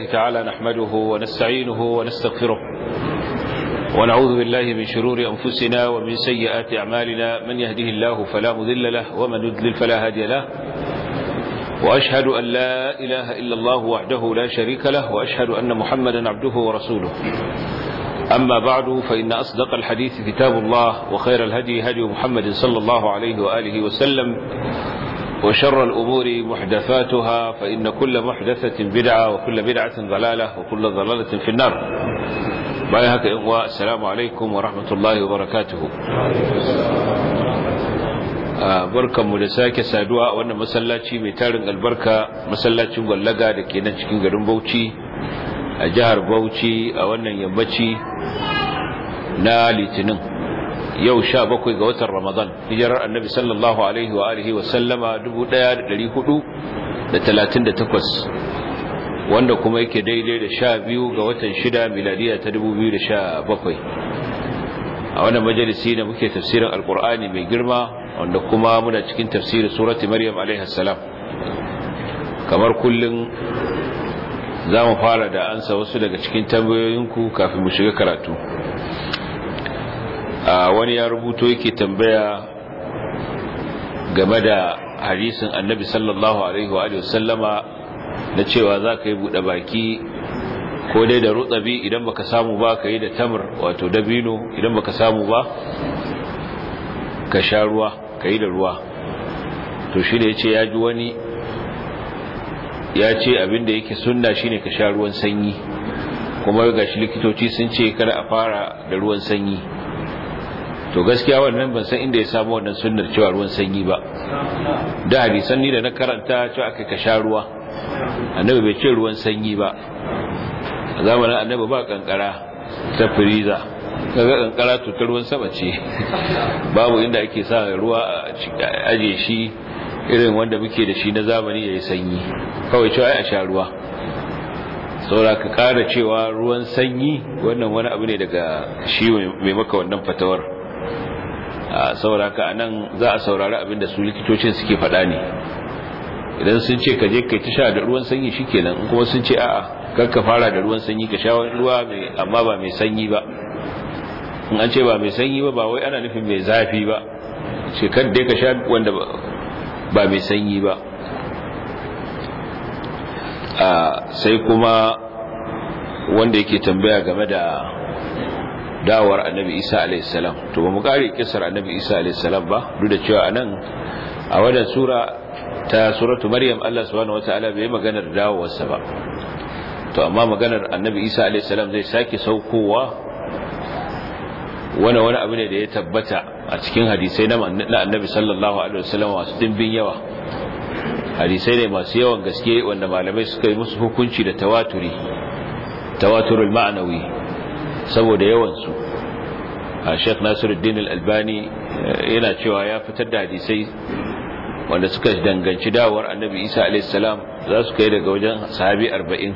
الله تعالى نحمده ونستعينه ونستغفره ونعوذ بالله من شرور أنفسنا ومن سيئات أعمالنا من يهده الله فلا مذل له ومن يذلل فلا هادي له وأشهد أن لا إله إلا الله وحده لا شريك له وأشهد أن محمدا عبده ورسوله أما بعد فإن أصدق الحديث كتاب الله وخير الهدي هدي محمد صلى الله عليه وآله وسلم وشر الأمور محدثاتها فإن كل محدثة بدعة وكل بدعة ضلالة وكل ضلالة في النار بايهك إغواء السلام عليكم ورحمة الله وبركاته barkan mu da sake saduwa a wannan masallaci mai tarin albarka masallacin gwallaga da ke nan cikin garin Bauchi a jihar Bauchi a wannan yammaci na Litinin yau sha bakwai ga watan ramadan hijirar annabi sallallahu alaihi wa alihi wa sallama dubu ɗaya da dari hudu da talatin da takwas wanda kuma yake daidai da sha biyu ga watan shida miladiya ta dubu biyu da sha bakwai a wannan majalisi da muke tafsirin alkur'ani mai girma wanda kuma muna cikin tafsirin surati maryam alaihi salam kamar kullum za mu fara da ansa wasu daga cikin tambayoyinku kafin mu shiga karatu wani ya rubuto yake tambaya game da hadisin annabi sallallahu alaihi wa sallama na cewa za ka yi buɗe baki ko dai da rutsabi idan baka samu ba ka yi da tamar wato dabino idan baka samu ba ka sha ruwa ka yi da ruwa to shi da ya ce ya ji wani ya ce abinda yake sunna shine ka sha ruwan sanyi kuma ga shi likitoci sun ce kada a fara da ruwan sanyi to gaskiya wannan ban san inda ya samu wannan sunnar cewa ruwan sanyi ba da hadisan ni da na karanta cewa aka ka sha ruwa annabi bai ce ruwan sanyi ba a zamanin annabi ba kankara ta firiza kaga kankara to ta ruwan sama ce babu inda ake sa ruwa a aje shi irin wanda muke da shi na zamani yayi sanyi kawai cewa a sha ruwa saura ka kara cewa ruwan sanyi wannan wani abu ne daga shi mai maka wannan fatawar saboda haka anan za a saurari abinda su likitocin suke faɗa ne idan sun ce ka je kai ta sha da ruwan sanyi shikenan kuma sun ce a'a kar ka fara da ruwan sanyi ka sha ruwa mai amma ba mai sanyi ba in an ce ba mai sanyi ba ba wai ana nufin mai zafi ba ce kar dai ka sha wanda ba mai sanyi ba sai kuma wanda yake tambaya game da dawar annabi isa alaihissalam to ba mu kare kisar annabi isa alaihissalam ba duk da cewa anan a wannan sura ta suratu maryam Allah subhanahu wataala bai maganar dawowarsa ba to amma maganar annabi isa alaihissalam zai sake saukowa wani wani abu ne da ya tabbata a cikin hadisai na annabi sallallahu alaihi wasallam wasu dimbin yawa hadisai ne masu yawan gaske wanda malamai suka yi musu hukunci da tawaturi tawaturul ma'anawi saboda yawansu a sheikh nasiruddin al-albani eh, yana cewa ya fitar da hadisai wanda suka danganci dawowar annabi isa alaihissalam za su kai daga wajen sahabi arba'in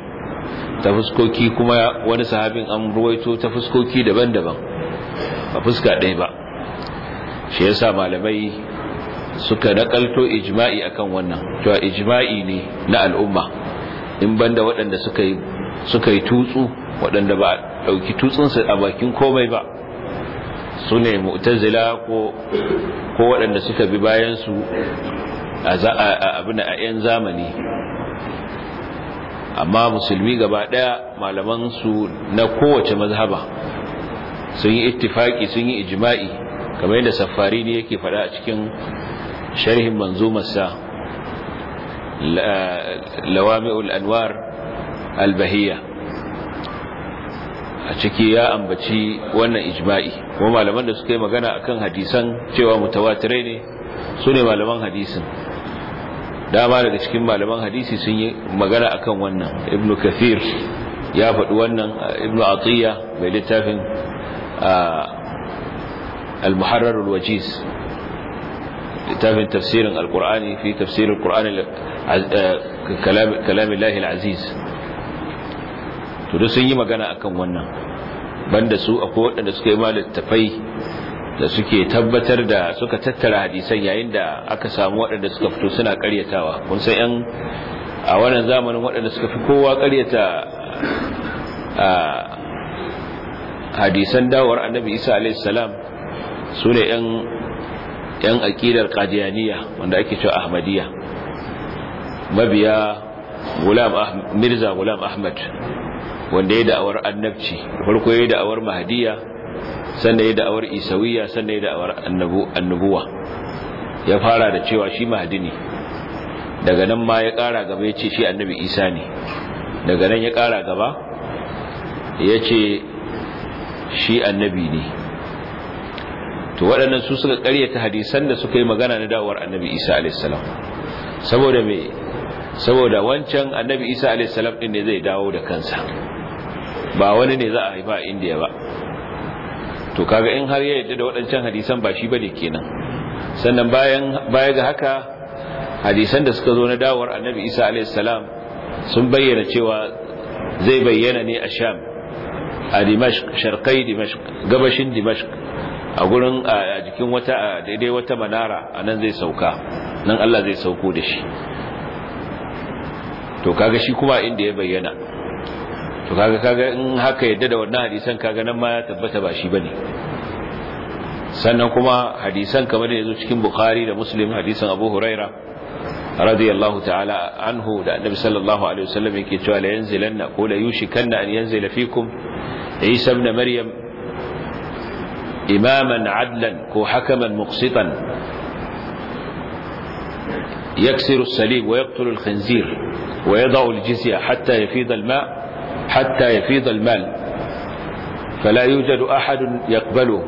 ta fuskoki kuma wani sahabin an ruwaito ta fuskoki daban-daban a fuska ɗaya ba shi yasa malamai suka nakalto ijma'i akan wannan cewa ijma'i ne na al'umma in banda waɗanda suka yi tutsu waɗanda ba ɗauki tutsunsa a bakin komai ba su ne mu'tazila ko waɗanda suka bi bayansu a abin a 'yan zamani amma musulmi gaba ɗaya malamansu na kowace mazhaba sun yi ittifaki sun yi ijima'i kamar yadda safari ne yake faɗa a cikin sharhin manzumarsa lawami'ul anwar al-bahiyya. a ciki ya ambaci wannan ijma'i kuma malaman da suka yi magana akan hadisan cewa mutawatirai ne su ne malaman hadisin dama daga cikin malaman hadisi sun yi magana akan wannan ibn kathir ya faɗi wannan ibn atiyya mai littafin al-muharrar al-wajiz littafin tafsirin al-qur'ani fi tafsirin al-qur'ani kalam al-aziz to da sun yi magana akan wannan banda su akwai waɗanda suka yi malittafai da suke tabbatar da suka tattara hadisan yayin da aka samu waɗanda suka fito suna ƙaryatawa kun san yan a wannan zamanin waɗanda suka fi kowa ƙaryata a hadisan dawowar annabi isa alaihi salam su ne yan yan aƙidar qadiyaniya wanda ake cewa ahmadiyya mabiya gulam mirza gulam ahmad wanda ya da'awar annabci farko ya da'awar mahdiya sannan ya da'awar isawiya sannan ya da'awar annabuwa ya fara da cewa shi mahdi ne daga nan ma ya kara gaba ya ce shi annabi isa ne daga nan ya kara gaba ya ce shi annabi ne to waɗannan su suka ƙaryata hadisan da suka yi magana na da'awar annabi isa alaihissalam saboda mai saboda wancan annabi isa alaihissalam ɗin ne zai dawo da kansa ba wani ne za a haifa a indiya ba to kaga in har ya yadda da waɗancan hadisan ba shi bane kenan sannan bayan baya ga haka hadisan da suka zo na dawowar annabi isa alaihissalam sun bayyana cewa zai bayyana ne a sham a dimashq Sharkai dimashq gabashin dimashq a gurin a jikin wata daidai wata manara a nan zai sauka nan Allah zai sauko da shi to kaga shi kuma inda ya bayyana to kaga kaga in haka yadda da wannan hadisan kaga nan ma ya tabbata ba shi bane sannan kuma hadisan kamar da yazo cikin bukhari da muslim hadisan abu huraira radiyallahu ta'ala anhu da annabi sallallahu alaihi wasallam yake cewa la yanzilanna ko la yushikanna an yanzila fikum isa ibn maryam imaman adlan ko hakaman muqsitan يكسر السليب ويقتل الخنزير ويضع الجزية حتى يفيض الماء حتى يفيض المال فلا يوجد أحد يقبله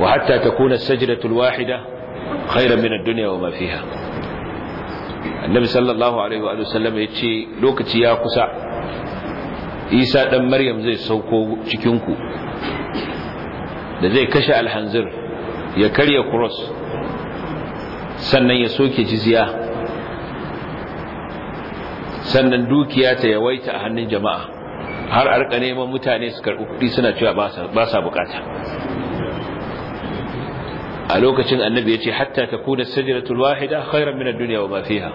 وحتى تكون السجدة الواحدة خيرا من الدنيا وما فيها النبي صلى الله عليه وآله وسلم يتشي لوكتي يا قسع إيسا دم مريم زي سوكو تشكينكو da كشع الحنزر يكري كروس sannan ya soke jiziya sannan dukiya ta yawaita a hannun jama'a har a rika neman mutane su karɓi kuɗi suna cewa ba sa bukata a lokacin annabi ya ce hatta ta kuna sajiratul wahida khairan min duniya dunya wa ma fiha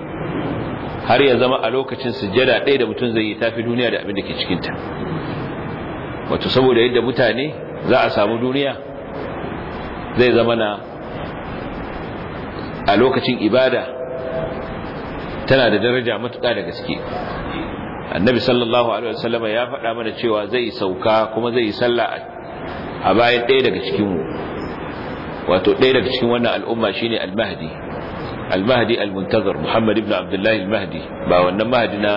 har ya zama a lokacin sujada ɗaya da mutum zai yi tafi duniya da abin da ke cikin ta wato saboda yadda mutane za a samu duniya zai zama na a lokacin ibada tana da daraja matuƙa da gaske annabi sallallahu alaihi wasallam ya faɗa mana cewa zai sauka kuma zai sallah a bayan ɗaya daga cikin mu wato ɗaya daga cikin wannan al'umma shine al-mahdi al-mahdi al-muntazir muhammad ibn abdullah al-mahdi ba wannan mahdi na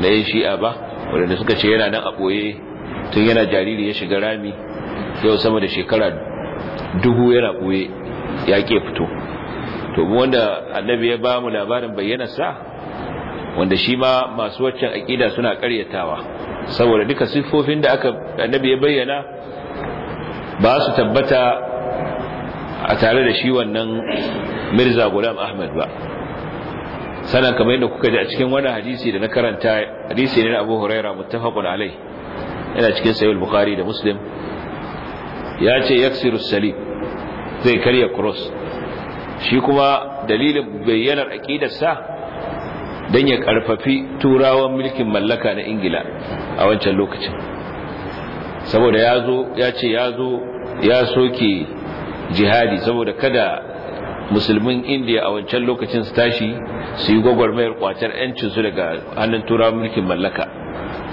na yin shi'a ba wanda suka ce yana nan a boye tun yana jariri ya shiga rami yau sama da shekara dubu yana boye ya ke fito to wanda annabi ya ba mu labarin bayyana sa wanda shi ma masu waccan aqida suna ƙaryatawa saboda duka sifofin da aka annabi ya bayyana ba su tabbata a tare da shi wannan Mirza Gulam Ahmad ba sanan kamar yadda kuka ji a cikin wannan hadisi da na karanta hadisi ne na Abu Hurairah muttafaqun alai yana cikin sahih bukhari da Muslim ya ce yaksiru salim zai karya cross shi kuma dalilin bayyanar sa don ya karfafi turawan mulkin mallaka na ingila a wancan lokacin saboda ya zo ya ce ya zo ya soke jihadi saboda kada musulmin indiya a wancan lokacin su tashi su yi gwagwarmayar kwatar 'yancinsu daga hannun turawan mulkin mallaka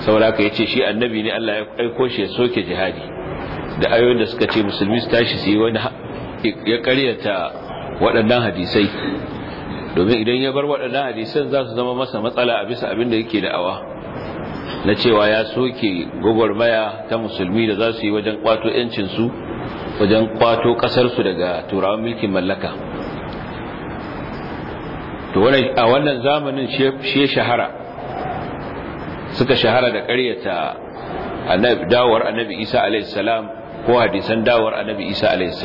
saboda haka ya ce shi annabi ne allah ya aiko shi ya soke jihadi da ayoyin da suka ce musulmi su tashi su yi wani ya karyata waɗannan hadisai domin idan ya bar waɗannan hadisan za su zama masa matsala a bisa abin da yake da'awa na cewa ya soke gwagwarmaya ta musulmi da za su yi wajen kwato 'yancinsu wajen kwato ƙasarsu daga turawan mulkin mallaka to a wannan zamanin shi shahara suka shahara da ƙaryata dawar annabi isa a.s. ko hadisan dawar annabi isa a.s.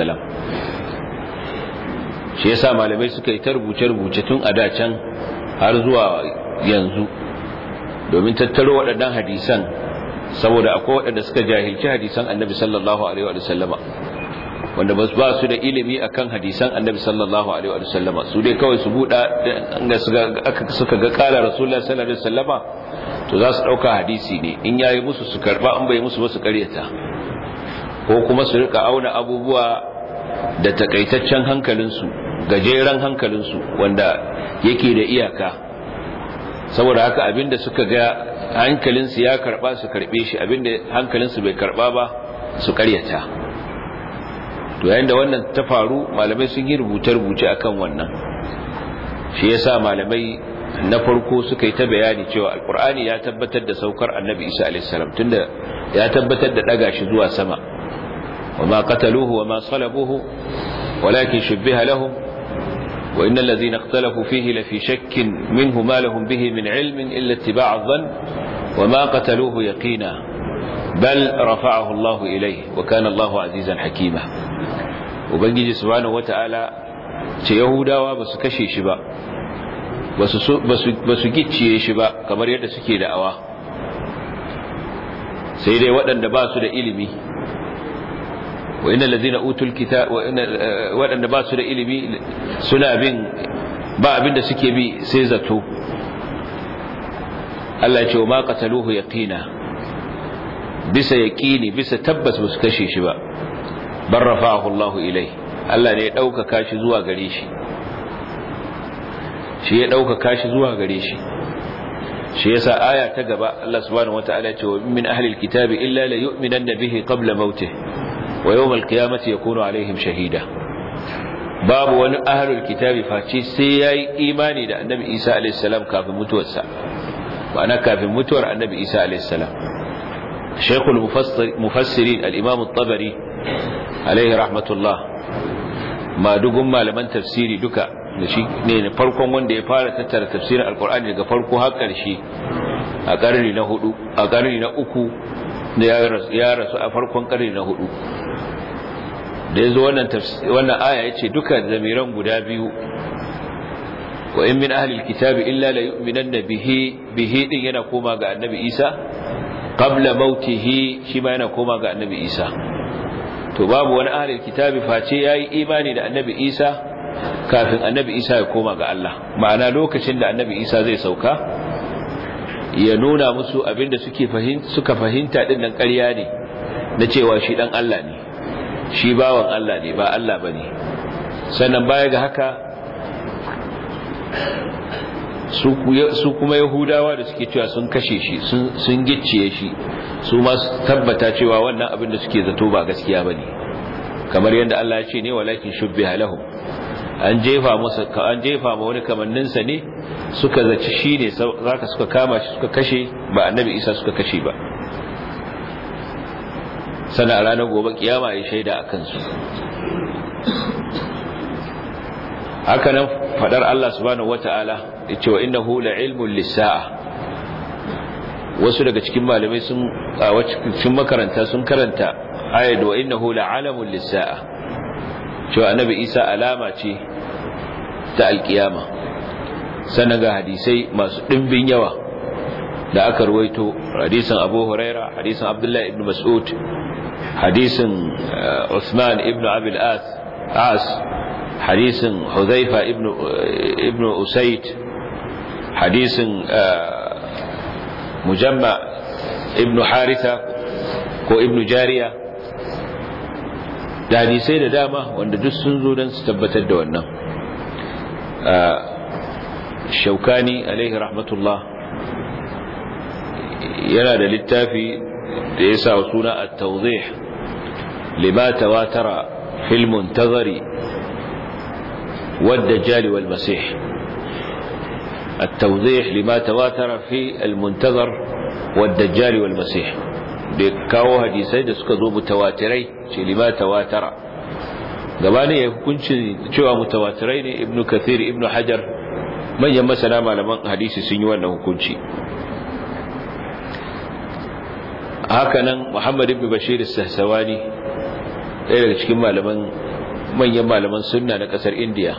shi yasa malamai suka yi ta rubuce-rubuce tun a dacan har zuwa yanzu domin tattaro waɗannan hadisan saboda akwai waɗanda suka jahilci hadisan annabi sallallahu alaihi wa sallama wanda ba su da ilimi akan hadisan annabi sallallahu alaihi wa sallama su dai kawai su buɗa da suka ga ƙara rasulullah sallallahu alaihi wa sallama to za su ɗauka hadisi ne in yayi musu su karba an bai musu ba su karyata ko kuma su rika auna abubuwa da takaitaccen hankalinsu gajeren hankalinsu wanda yake da iyaka saboda haka abinda suka ga hankalinsu ya karba su karbe shi abinda hankalinsu bai karba ba su karyata to yayin da wannan ta faru malamai sun yi rubuce-rubuce akan wannan shi yasa malamai na farko suka yi ta bayani cewa alkur'ani ya tabbatar da saukar annabi isa alaihissalam tunda ya tabbatar da daga shi zuwa sama wa ma qataluhu wa ma salabuhu walakin shubbiha lahum وإن الذين اختلفوا فيه لفي شك منه ما لهم به من علم إلا اتباع الظن وما قتلوه يقينا بل رفعه الله إليه وكان الله عزيزا حكيما وبنجي سبحانه وتعالى ce yahudawa ba su kashe shi ba ba su gicciye shi ba kamar yadda suke da'awa sai dai waɗanda ba su da ilimi wa innal ladina utul kitab eh, waɗanda ba su da ilimi suna bin ba abin da suke bi sai zato Allah ya ce ma qataluhu yaqina bisa yaqini bisa tabbas ba su kashe shi ba bar rafa'ahu Allah ilai Allah ne ya dauka kashi zuwa gare shi shi ya dauka kashi zuwa gare shi shi yasa aya ta gaba Allah subhanahu wataala ya ce wa min ahlil kitabi illa la yu'minanna bihi qabla mautih wa yawmal ya yakunu alaihim shahida babu wani ahlul kitabi face sai yayi imani da annabi Isa alaihi salam kafin mutuwarsa ma'ana kafin mutuwar annabi Isa alaihi salam shaykhul mufassirin al-imam at-tabari alaihi rahmatullah madugun malaman tafsiri duka da shi ne farkon wanda ya fara tattara tafsirin alkur'ani daga farko har ƙarshe a ƙarni na hudu a ƙarni na uku da ya rasu a farkon ƙarni na hudu da ya zo wannan aya ya ce duka zamiran guda biyu ko in min kitabi illa la yu'minan bihi bihi din yana koma ga annabi Isa qabla mautihi shi ma yana koma ga annabi Isa to babu wani ahlil kitabi face yayi imani da annabi Isa kafin annabi Isa ya koma ga Allah ma'ana lokacin da annabi Isa zai sauka ya nuna musu abinda suke suka fahimta din nan ƙarya ne na cewa shi dan Allah ne shi bawan Allah ne ba Allah bane sannan baya ga haka su kuma yahudawa da suke cewa sun kashe shi sun gicciye shi su ma tabbata cewa wannan abin da suke zato ba gaskiya bane kamar yadda Allah ya ce ne walakin shubbi lahum an jefa masa an jefa ma wani kamannin sa ne suka zaci shine zaka suka kama shi suka kashe ba annabi Isa suka kashe ba sana ranar gobe kiyama ya shaida a kansu haka nan fadar Allah subhanahu wata'ala ce wa inna hula ilmun lissa'a wasu daga cikin malamai sun a cikin makaranta sun karanta ayat wa inna hula alamun lissa'a cewa annabi Isa alama ce ta alkiyama sana ga hadisai masu ɗimbin yawa da aka ruwaito hadisan Abu Huraira hadisan abdullahi ibn Mas'ud hadisin Usman uh, ibnu Abil As As hadisin Huzaifa ibn uh, ibn Usayd hadisin uh, Mujamma ibn Haritha ko ibnu Jariya da hadisai da dama wanda duk sun zo don su tabbatar da wannan shaukani alaihi rahmatullah yana da littafi da ya sa suna a tauzih لما تواتر في المنتظر والدجال والمسيح التوضيح لما تواتر في المنتظر والدجال والمسيح kawo hadisai da suka zo mutawatirai ce lima tawatara gabani ya hukunci cewa mutawatirai ne ibnu kathir ibnu hajar manyan masana malaman hadisi sun yi wannan hukunci hakanan muhammad ibn bashir as-sahsawani ɗaya daga cikin malaman manyan malaman sunna na kasar indiya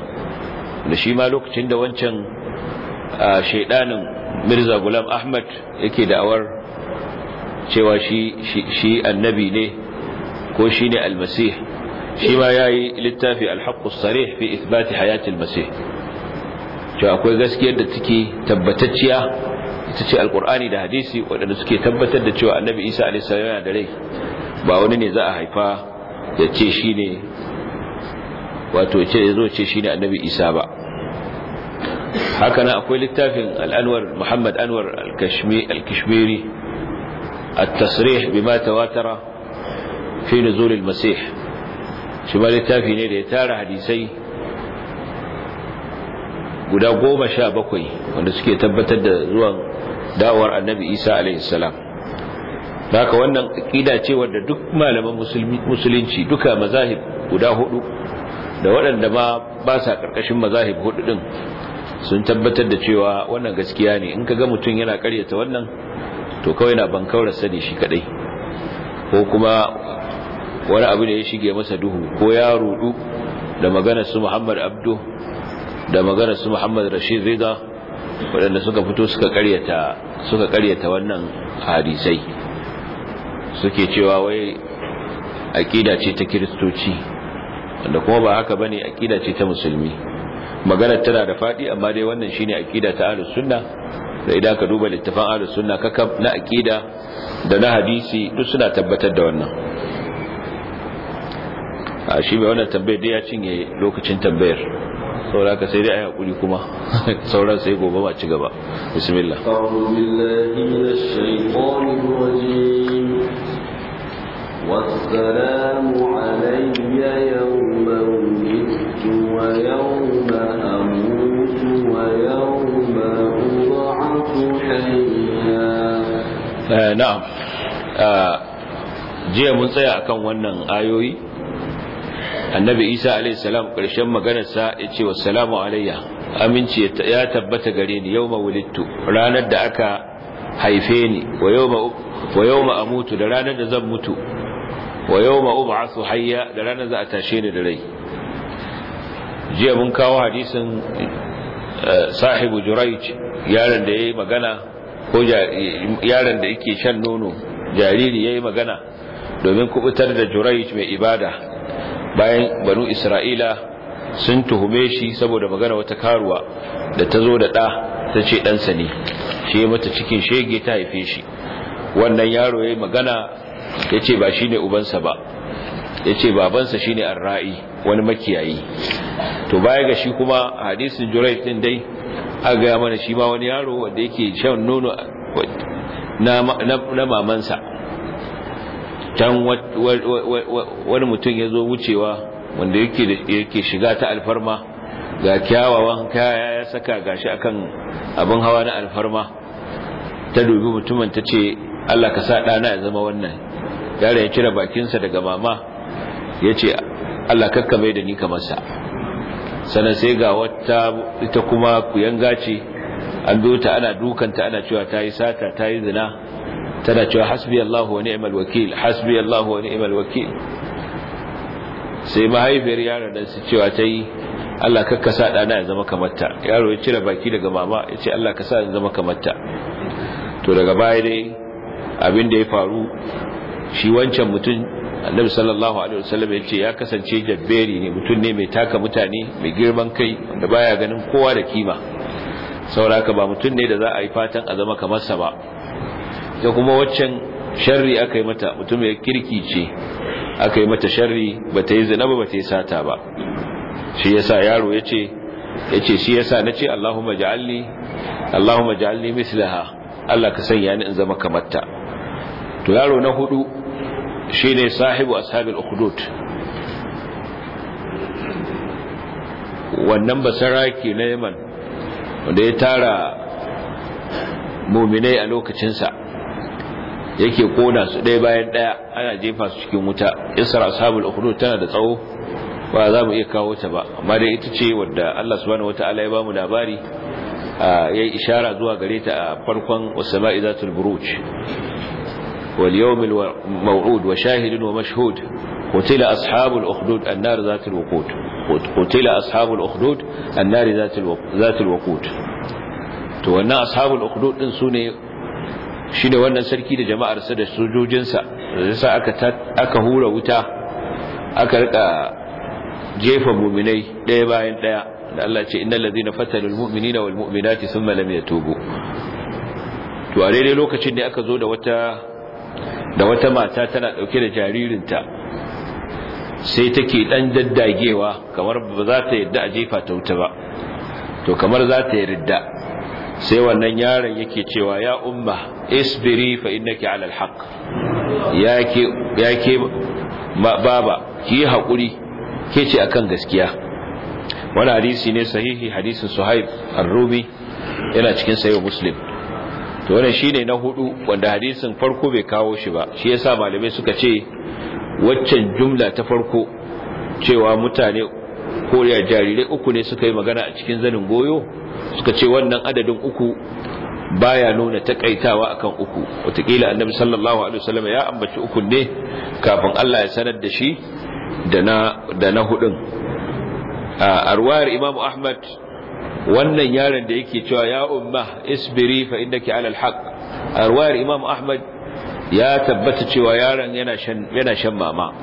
da shi ma lokacin da wancan shaidanin mirza gulam ahmad yake da'awar cewa shi annabi ne ko shi ne almasih shi ma ya yi littafi alhaƙus sarih fi isbati hayatul masih cewa akwai gaskiyar da take tabbatacciya ita ce alƙur'ani da hadisi waɗanda suke tabbatar da cewa annabi isa alaihi yana da rai ba wani ne za a haifa ya ce shi ne wato ce ya zo ce shi ne annabi isa ba haka na akwai littafin al'anwar muhammad anwar al-kashmiri التصريح بما تواتر في نزول المسيح shi littafi ne da ya tara hadisai guda goma sha bakwai wanda suke tabbatar da zuwan dawowar annabi isa alaihissalam haka wannan aqida ce wanda duk malaman musulmi musulunci duka mazahib guda hudu da waɗanda ma ba sa karkashin mazahib hudu din sun tabbatar da cewa wannan gaskiya ne in kaga mutum yana karyata wannan to kawai na bankaura sani shi kadai ko kuma wani abu da ya shige masa duhu ko ya rudu da maganar su Muhammad Abdu da maganar su Muhammad Rashid Rida waɗanda suka fito suka ƙaryata suka karyata wannan hadisai suke cewa wai aƙida ce ta kiristoci wanda kuma ba haka bane aƙida ce ta musulmi magana tana da faɗi amma dai wannan shine aƙida ta ahlus sunna da idan ka duba littafin ahlus sunna kaka na aƙida da na hadisi duk suna tabbatar da wannan a shi mai wannan tambayar dai ya cinye lokacin tambayar saura ka sai dai ayi hakuri kuma sauran sai gobe ba ci gaba bismillah a'udhu billahi minash shaitanir rajim والسلام علي يوم ولدت ويوم أموت ويوم أبعث حيا نعم jiya mun tsaya akan wannan ayoyi annabi isa a.s. ƙarshen maganarsa ya ce wa wasalamu alayya aminci ya tabbata gare ni yau wulittu ranar da aka haife ni wa yau ma'amutu da ranar da zan mutu wa yawma ub'asu hayya da ranar za a tashe ni da rai jiya mun kawo hadisin eh, sahibu jurayj yaron da yayi magana ko yaron da yake shan nono jariri yayi magana domin kubutar da jurayj mai ibada bayan banu isra'ila sun tuhume shi saboda magana wata karuwa da ta zo da ɗa ta ce ɗansa ne shi mata cikin shege ta haife shi wannan yaro ya yi magana ya ce ba shi ne ubansa ba ya ce babansa shi ne arra'i wani makiyayi to baya ga shi kuma hadisin jurai din dai a gaya mana shi ma wani yaro wanda yake shan nono na mamansa can wani mutum ya zo wucewa wanda yake shiga ta alfarma ga kyawawan kaya ya saka gashi akan abin hawa na alfarma ta dubi mutumin ta ce Allah ka sa ɗana ya zama wannan yaron ya cire bakinsa daga mama ya ce allah kakka mai da ni kamar sa sannan sai ga wata ita kuma kuyanga ce an dota ana dukanta ana cewa ta yi sata ta yi zina tana cewa hasbi Allah wa ni'mal wakil hasbi Allah wa ni'mal wakil sai mahaifiyar yaron nan su cewa ta yi Allah kakka sa ɗana ya zama kamarta yaro ya cire baki daga mama ya ce Allah ka sa ya zama kamarta to daga baya dai abin da ya faru shi wancan mutum annabi sallallahu alaihi wasallam ya ce ya kasance jabberi ne mutum ne mai taka mutane mai girman kai da baya ganin kowa da kima sauraka ba mutum ne da za a yi fatan a zama kamar sa ba ta kuma waccan sharri aka yi mata mutum ya kirki ce aka yi mata sharri ba ta yi zina ba ba ta yi sata ba shi yasa yaro ya ce ya ce shi yasa na ce Allahumma ja'alni Allahumma ja'alni mislaha Allah ka sanya ni in zama kamar ta to yaro na hudu Shi shine sahibu ashabil ukhdud wannan basaraki na Yaman wanda ya tara mu'minai a lokacinsa yake kona su ɗaya bayan ɗaya ana jefa su cikin wuta isra sahibin ukhdud tana da tsawo ba za mu iya kawo ta ba amma dai ita ce wadda Allah su wata ala ya bamu labari yi ishara zuwa gare ta a farkon wasu zatul buruj واليوم الموعود وشاهد ومشهود قتل أصحاب الأخدود النار ذات الوقود قتل أصحاب الأخدود النار ذات الوقود to wannan ashabul ukhdud din sune shine wannan sarki da jama'ar sa da sojojinsa yasa aka aka hura wuta aka rika jefa mu'minai daya bayan daya da Allah ce innal ladina fatalul mu'minina wal to a daidai lokacin ne aka zo da wata da wata mata tana dauke da jaririnta sai take dan daddagewa kamar ba za ta yadda a jefa ta wuta ba to kamar za ta yarda sai wannan yaron yake cewa ya umma isbiri fa innaki ala alhaq yake yake baba ki hakuri ke ce akan gaskiya wani hadisi ne sahihi hadisin suhaib ar-rumi yana cikin sahih muslim to wannan shine na hudu wanda hadisin farko bai kawo shi ba shi yasa malamai suka ce waccan jumla ta farko cewa mutane ko ya jarirai uku ne suka yi magana a cikin zanin goyo suka ce wannan adadin uku baya nuna takaitawa akan uku wataƙila annabi sallallahu alaihi wasallam ya ambaci uku ne kafin Allah ya sanar da shi da na da na hudun a arwayar imamu ahmad wannan yaron da yake cewa ya umma isbiri fa innaki ala alhaq arwayar imam ahmad ya tabbata cewa yaron yana shan yana shan mama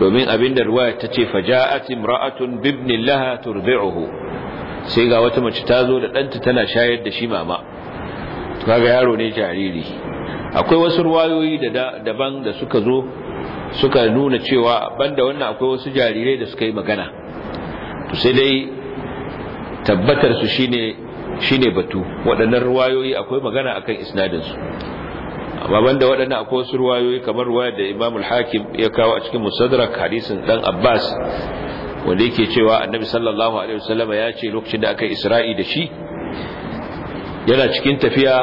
domin abinda ruwaya ta ce faja'at imra'atun bibnin laha turdi'uhu sai ga wata mace ta zo da danta tana shayar da shi mama kaga yaro ne jariri akwai wasu ruwayoyi da daban da suka zo suka nuna cewa banda wannan akwai wasu jarirai da suka yi magana to sai dai tabbatar su shine shine batu waɗannan ruwayoyi akwai magana akan isnadin su amma banda waɗannan akwai wasu ruwayoyi kamar ruwaya da Imam al-Hakim ya kawo a cikin Musaddarak hadisin dan Abbas wanda yake cewa Annabi sallallahu alaihi wasallam ya ce lokacin da aka Isra'i da shi yana cikin tafiya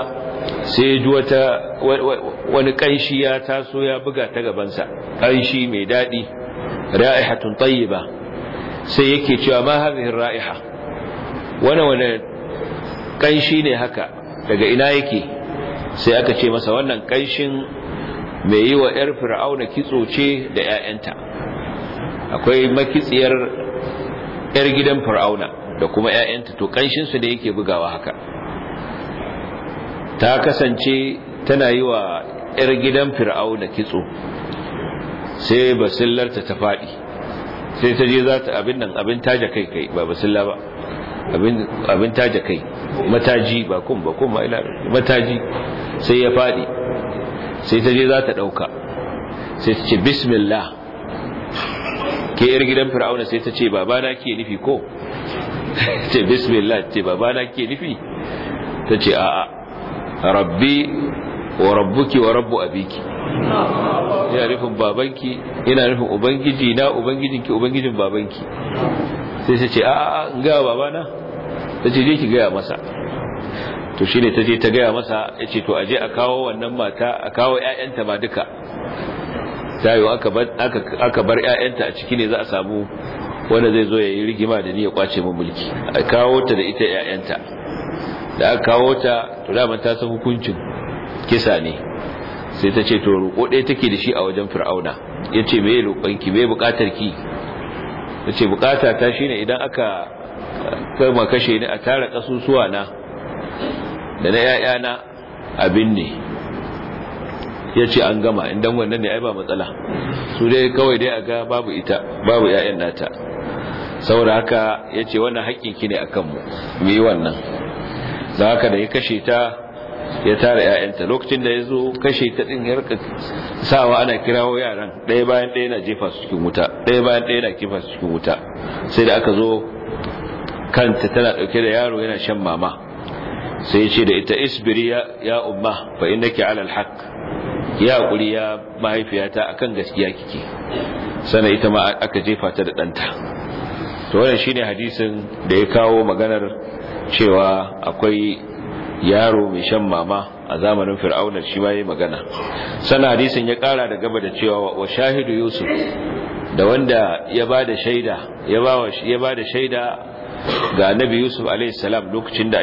sai ya wani kanshi ya taso ya buga ta gabansa kanshi mai dadi ra'ihatun tayyiba sai yake cewa ma hadhihi ra'iha wani wani kanshi ne haka daga ina yake sai aka ce masa wannan kanshin mai yi wa 'yar fir'auna kitso ce da 'ya'yanta akwai makitsiyar 'yar gidan fir'auna da kuma 'ya'yanta to su da yake bugawa haka ta kasance tana yi wa 'yar gidan fir'auna kitso sai basillarta ta faɗi sai ta je za ta abin nan abin taja kai kai ba basilla ba abin taje kai mataji ba kun ba kun ma ila mataji sai ya fadi sai ta je za ta dauka sai ta ce bismillah ke yar gidan fir'auna sai ta ce babana ke nufi ko ce bismillah ce babana ke nufi ta ce a'a rabbi wa rabbuki wa rabbu abiki ina nufin babanki ina nufin ubangiji na ubangijinki ubangijin babanki sai ta ce a in gaya babana ta ce je ki gaya masa to shi ne ta je ta gaya masa ya ce to aje a kawo wannan mata a kawo 'ya'yanta ma duka ta bar aka bar 'ya'yanta a ciki ne za a samu wanda zai zo ya yi rigima da ni ya kwace mu mulki a kawo ta da ita 'ya'yanta da aka kawo ta to da ta san hukuncin kisa ne sai ta ce to roƙo ɗaya take da shi a wajen fir'auna ya ce me roƙonki me ki. da ce bukata ta shi ne idan aka kama kashe ni a tara kasusuwa na da na ‘ya'yana abin ne ya ce an gama idan wannan ne ai ba matsala su dai kawai dai a ga babu ita babu ‘ya'yan nata saboda haka ya ce wannan haƙƙinki ne a kanmu mu wannan za ka da ya kashe ta ya tara ƴaƴanta lokacin da ya zo kashe ta din ya rika sawa ana kirawo yaran ɗaya bayan ɗaya na jefa su cikin wuta ɗaya bayan ɗaya na jefa su cikin wuta sai da aka zo kanta tana ɗauke da yaro yana shan mama sai ya ce da ita isbiri ya umma fa innaki ala alhaq ya hakuri ya mahaifiyata akan gaskiya kike sana ita ma aka jefa ta da ɗanta to wannan shine hadisin da ya kawo maganar cewa akwai yaro mai shan mama a zamanin fir'auna shi ma yi magana sana hadisin ya kara da gaba da cewa wa shahidu yusuf da wanda ya da shaida ya bawa ya shaida ga annabi yusuf alaihi salam lokacin da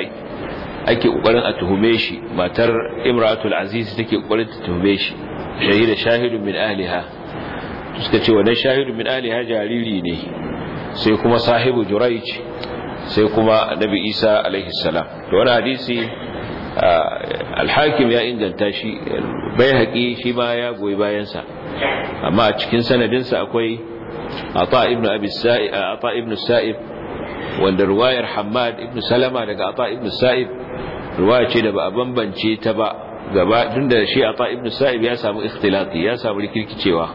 ake kokarin a tuhume shi matar imratul aziz take kokarin ta tuhume shi shahida shahidun min ahliha suka ce wannan shahidun min ahliha jariri ne sai kuma sahibu jurayj sai kuma annabi isa alaihi salam to wannan hadisi alhakim ya inganta shi bai haƙi shi ma ya goyi bayansa amma a cikin sanadinsa akwai ata ibn sa'ib ibn sa'ib wanda ruwayar hamad ibn salama daga ata ibn sa'ib ruwaya ce da ba a bambance ta ba gaba da shi ata ibn sa'ib ya samu ikhtilati ya samu rikirkicewa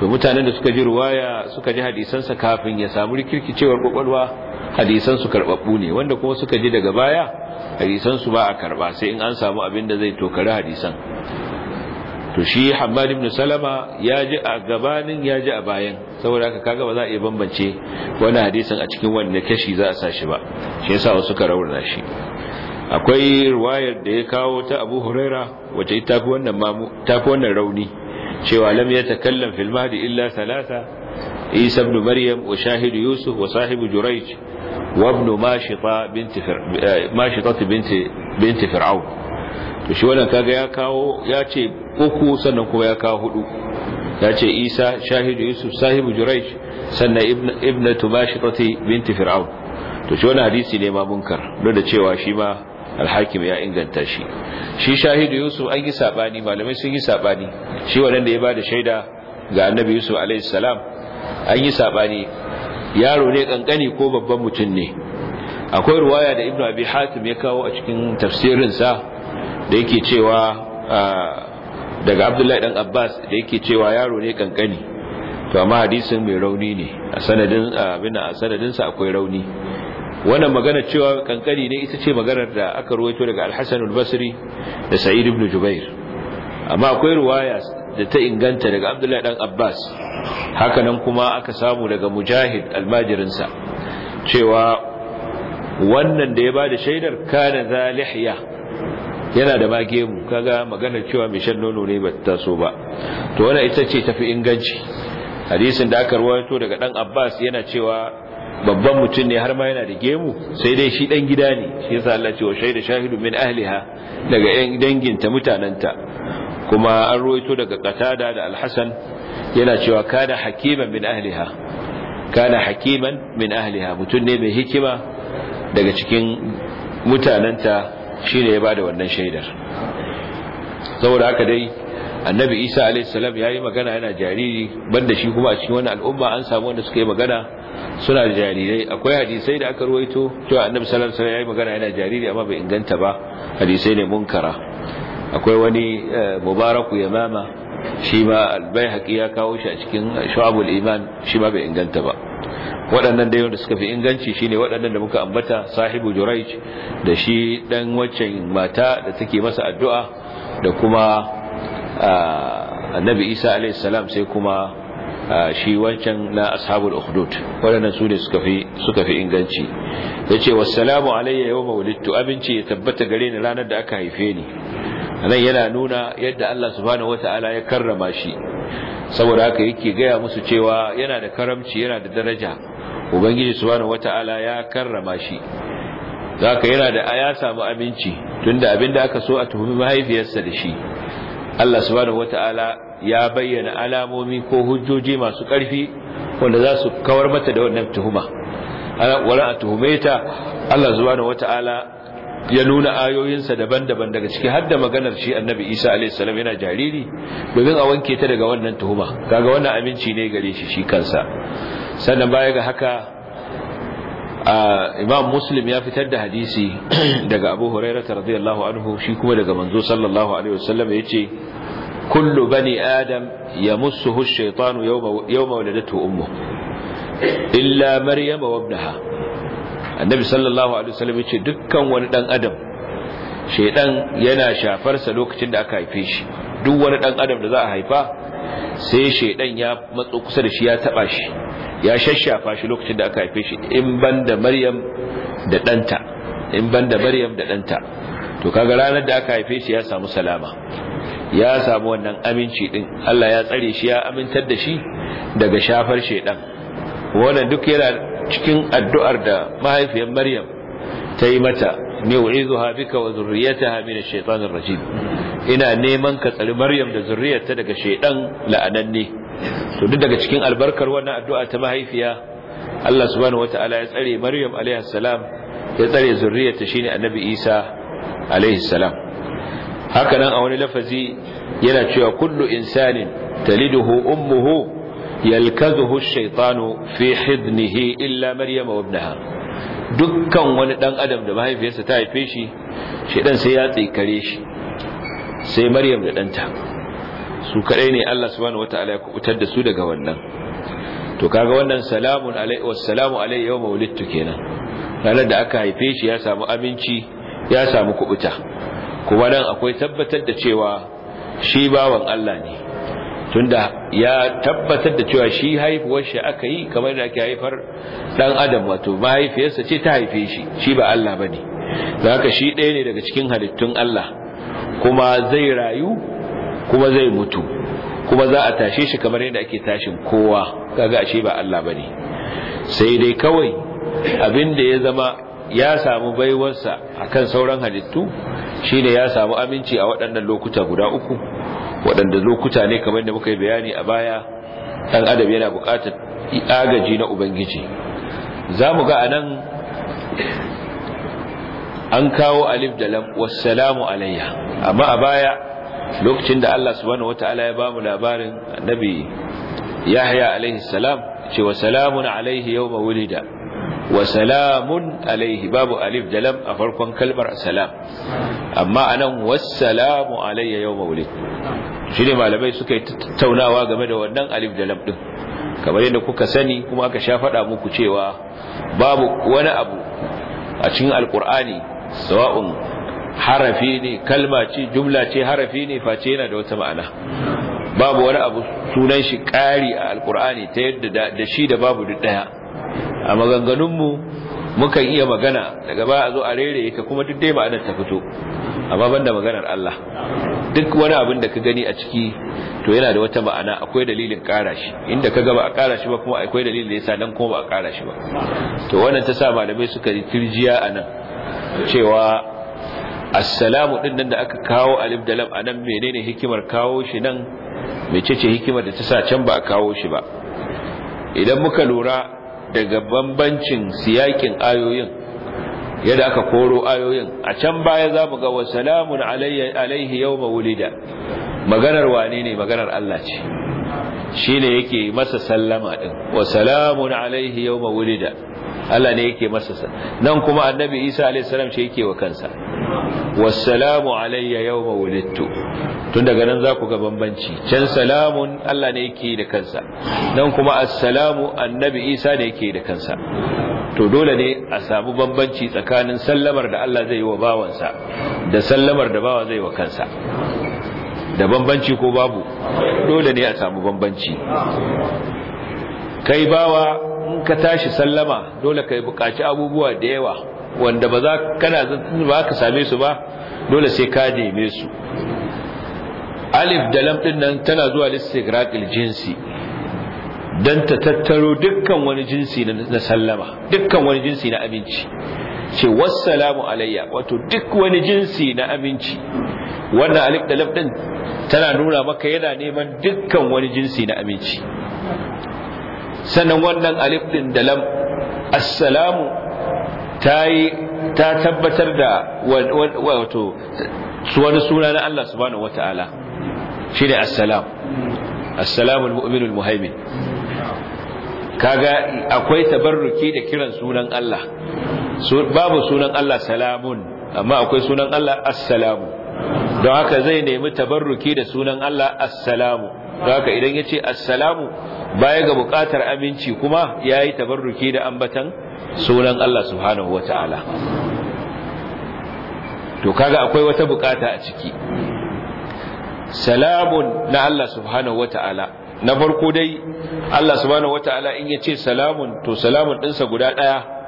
to mutanen da suka ji ruwaya suka ji hadisansa kafin ya samu rikirkicewar kwakwalwa hadisan su karbabbu ne wanda kuma suka ji daga baya hadisan su ba a karba sai in an samu abin da zai tokari hadisan to shi Hammad ibn Salama ya ji a gabanin ya ji a bayan saboda haka kaga ba za a iya bambance wani hadisan a cikin wanne kashi za a sa shi ba shi yasa wasu ka rauna shi akwai riwayar da ya kawo ta Abu Huraira wace ita fi wannan mamu ta fi wannan rauni cewa lam yatakallam fil mahdi illa Salasa, Isa ibn Maryam wa shahid Yusuf wa sahibu Jurayj وابن ماشطة بنت فر... ماشطة بنت بنت فرعون to ولا كاجا kaga ya kawo تشي اوكو uku sannan kuma ya kawo hudu ya Isa shahidu Yusuf sahibu Jurayj sannan ibnatu mashitati binti Fir'aun to shi wani hadisi ne ma munkar duk da cewa shi ma al ya inganta shi shi shahidu Yusuf an yi sabani malamai sun yi sabani shi wannan da ya bada shaida ga Annabi Yusuf alaihi salam an yi sabani yaro ne kankani ko babban mutum ne akwai ruwaya da ibnu abi hatim ya kawo a cikin tafsirinsa da yake cewa daga abdullahi dan abbas da yake cewa yaro ne kankani to amma hadisin mai rauni ne a sanadin abin a sanadinsa akwai rauni wannan magana cewa kankani ne ita ce maganar da aka ruwaito daga al-hasan al-basri da sa'id ibn jubair amma akwai ruwaya da ta inganta daga abdullahi dan abbas hakanan kuma aka samu daga mujahid almajirinsa cewa wannan da ya bada shaidar kana zalihiya yana da magemu kaga maganar cewa mai shan nono ne ba ta so ba to wannan ita ce tafi inganci hadisin da aka rawaito daga dan abbas yana cewa babban mutum ne har ma yana da gemu sai dai shi dan gida ne shi yasa Allah ce wa shaida shahidu min ahliha daga yan danginta mutananta kuma an ruwaito daga qatada da al-hasan yana cewa kana hakiman min ahliha kana hakiman min ahliha mutun ne mai hikima daga cikin mutananta shine ya bada wannan shaidar saboda haka dai annabi isa alayhi ya yi magana yana jariri banda shi kuma a cikin wani al'umma an samu wanda suka yi magana suna jarirai akwai hadisai da aka ruwaito cewa annabi sallallahu alaihi wasallam ya magana yana jariri amma bai inganta ba hadisai ne munkara akwai wani eh, mubaraku yamama shi ma haƙi ya kawo shi a cikin shu'abul iman shi ma bai inganta ba waɗannan dai wanda suka fi inganci shine waɗannan da muka ambata sahibu juraij da shi ɗan waccan mata da take masa addu'a da kuma annabi isa alayhi salam sai kuma shi wancan na ashabul ukhdud waɗannan su ne suka fi suka fi inganci yace wassalamu alayya yawma wulidtu abinci ya tabbata gare ni ranar da aka haife ni nan yana nuna yadda Allah subhanahu wataala ya karrama shi saboda haka yake gaya musu cewa yana da karamci yana da daraja ubangiji subhanahu wataala ya karrama shi zaka yana da ya samu aminci tunda abinda aka so a tuhumi mahaifiyarsa da shi Allah subhanahu wataala ya bayyana alamomi ko hujjoji masu ƙarfi wanda za su kawar mata da wannan tuhuma wala a tuhume ta Allah subhanahu wataala ya nuna ayoyinsa daban-daban daga ciki har da maganar shi annabi isa alaihissalam yana jariri domin a wanke ta daga wannan tuhuma kaga wannan aminci ne gare shi shi kansa sannan baya ga haka imam muslim ya fitar da hadisi daga abu hurairah radiyallahu anhu shi kuma daga manzo sallallahu alaihi wasallam yace kullu bani adam ya ash-shaytanu yawma yawma waladatu ummu illa maryama wa ibnaha annabi sallallahu alaihi wasallam yace dukkan wani dan adam shedan yana shafar sa lokacin da aka haife shi duk wani dan adam da za a haifa sai shedan ya matso kusa da shi ya taba shi ya shashafa shi lokacin da aka haife shi in banda maryam da danta in banda maryam da danta to kaga ranar da aka haife shi ya samu salama ya samu wannan aminci din Allah ya tsare shi ya amintar da shi daga shafar shedan wannan duk yana cikin addu'ar da mahaifiyar Maryam ta yi mata ne wa zurriyataha min ash rajim ina neman ka tsari Maryam da zurriyarta daga shaydan la'ananne to duk daga cikin albarkar wannan addu'a ta mahaifiya Allah subhanahu wataala ya tsare Maryam alaiha salam ya tsare zurriyarta shine Annabi Isa alaihi salam haka nan a wani lafazi yana cewa kullu insanin taliduhu ummuhu yalkazuhu ash-shaytanu fi hidnihi illa maryama wa ibnaha dukkan wani dan adam da mahaifiyarsa ta haife shi shedan sai ya tsikare shi sai maryam da danta su kadai ne Allah subhanahu wataala ya kubutar da su daga wannan to kaga wannan salamun alaihi wassalamu alaihi yawm wulidtu kenan ranar da aka haife shi ya samu aminci ya samu kubuta kuma nan akwai tabbatar da cewa shi bawan Allah ne tunda ya tabbatar da cewa shi haifuwar shi aka yi kamar da ake haifar dan adam wato mahaifiyarsa ce ta haife shi shi ba Allah bane za ka shi ɗaya ne daga cikin halittun Allah kuma zai rayu kuma zai mutu kuma za a tashe shi kamar yadda ake tashin kowa kaga ashe ba Allah bane sai dai kawai abinda ya zama ya samu baiwarsa akan sauran halittu shine ya samu aminci a waɗannan lokuta guda uku waɗanda lokuta ne kamar da muka yi bayani a baya ɗan adam yana buƙatar agaji na ubangiji za mu ga anan an kawo alif da lam wassalamu alayya amma a baya lokacin da Allah subhanahu wataala ya bamu labarin annabi Yahya alayhi salam cewa salamun alayhi yawma wulida Wasalamun alaihi babu alif da lam a farkon kalmar salam amma anan wasalamu alayya ya wulid shine malamai suka yi tattaunawa game da wannan alif da lam din kamar yadda kuka sani kuma aka sha faɗa muku cewa babu wani abu a cikin alkur'ani sawa'un harafi ne kalma ce jumla ce harafi ne face yana da wata ma'ana babu wani abu sunan shi ƙari a alkur'ani ta yadda da shi da babu duk ɗaya a maganganunmu mukan iya magana daga ba a zo a rere ta kuma duk dai ma'anar ta fito amma banda maganar Allah duk wani abin da ka gani a ciki to yana da wata ma'ana akwai dalilin kara shi inda ka gaba a karashi shi ba kuma akwai dalilin da yasa nan kuma ba a kara shi ba to wannan ta sa malamai suka yi tirjiya a nan cewa assalamu din nan da aka kawo alif da a nan menene hikimar kawo shi nan mecece hikimar da ta sa can ba a kawo shi ba idan muka lura daga bambancin siyakin ayoyin yadda aka koro ayoyin a can baya za mu ga wa salamun alaihi yau wulida maganar wane ne maganar Allah ce shi ne yake masa sallama ɗin wa salamun alaihi yau wulida Allah ne yake masa sallama. nan kuma annabi isa alaihi salam shi yake wa kansa Wasalamu alayya yawma wulidtu tun daga nan za ku ga bambanci can salamun Allah ne yake da kansa nan kuma assalamu annabi Isa ne yake da kansa to dole ne a samu bambanci tsakanin sallamar da Allah zai yi wa bawansa da sallamar da bawa zai yi wa kansa da bambanci ko babu dole ne a samu bambanci kai bawa in ka tashi sallama dole kai buƙaci abubuwa da yawa wanda ba za kana ba ka same su ba dole sai ka neme su alif da lam din nan tana zuwa listigraqil jinsi dan ta tattaro dukkan wani jinsi na sallama dukkan wani jinsi na aminci ce wassalamu alayya wato duk wani jinsi na aminci wannan alif da lam din tana nuna maka yana neman dukkan wani jinsi na aminci sannan wannan alif din da lam assalamu ta yi ta tabbatar da wato wani suna na Allah subhanahu wataala ne assalam assalamu almu'minu muhaimin kaga akwai tabarruki da kiran sunan Allah babu sunan Allah salamun amma akwai sunan Allah assalamu don haka zai nemi tabarruki da sunan Allah assalamu haka idan ya ce assalamu baya ga buƙatar aminci kuma ya yi tabarruki da ambatan sunan Allah subhanahu wa ta'ala to kaga akwai wata buƙata a ciki salamun na Allah subhanahu wa ta'ala na farko dai Allah subhanahu wa ta'ala in ya ce salamun to salamun ɗinsa guda ɗaya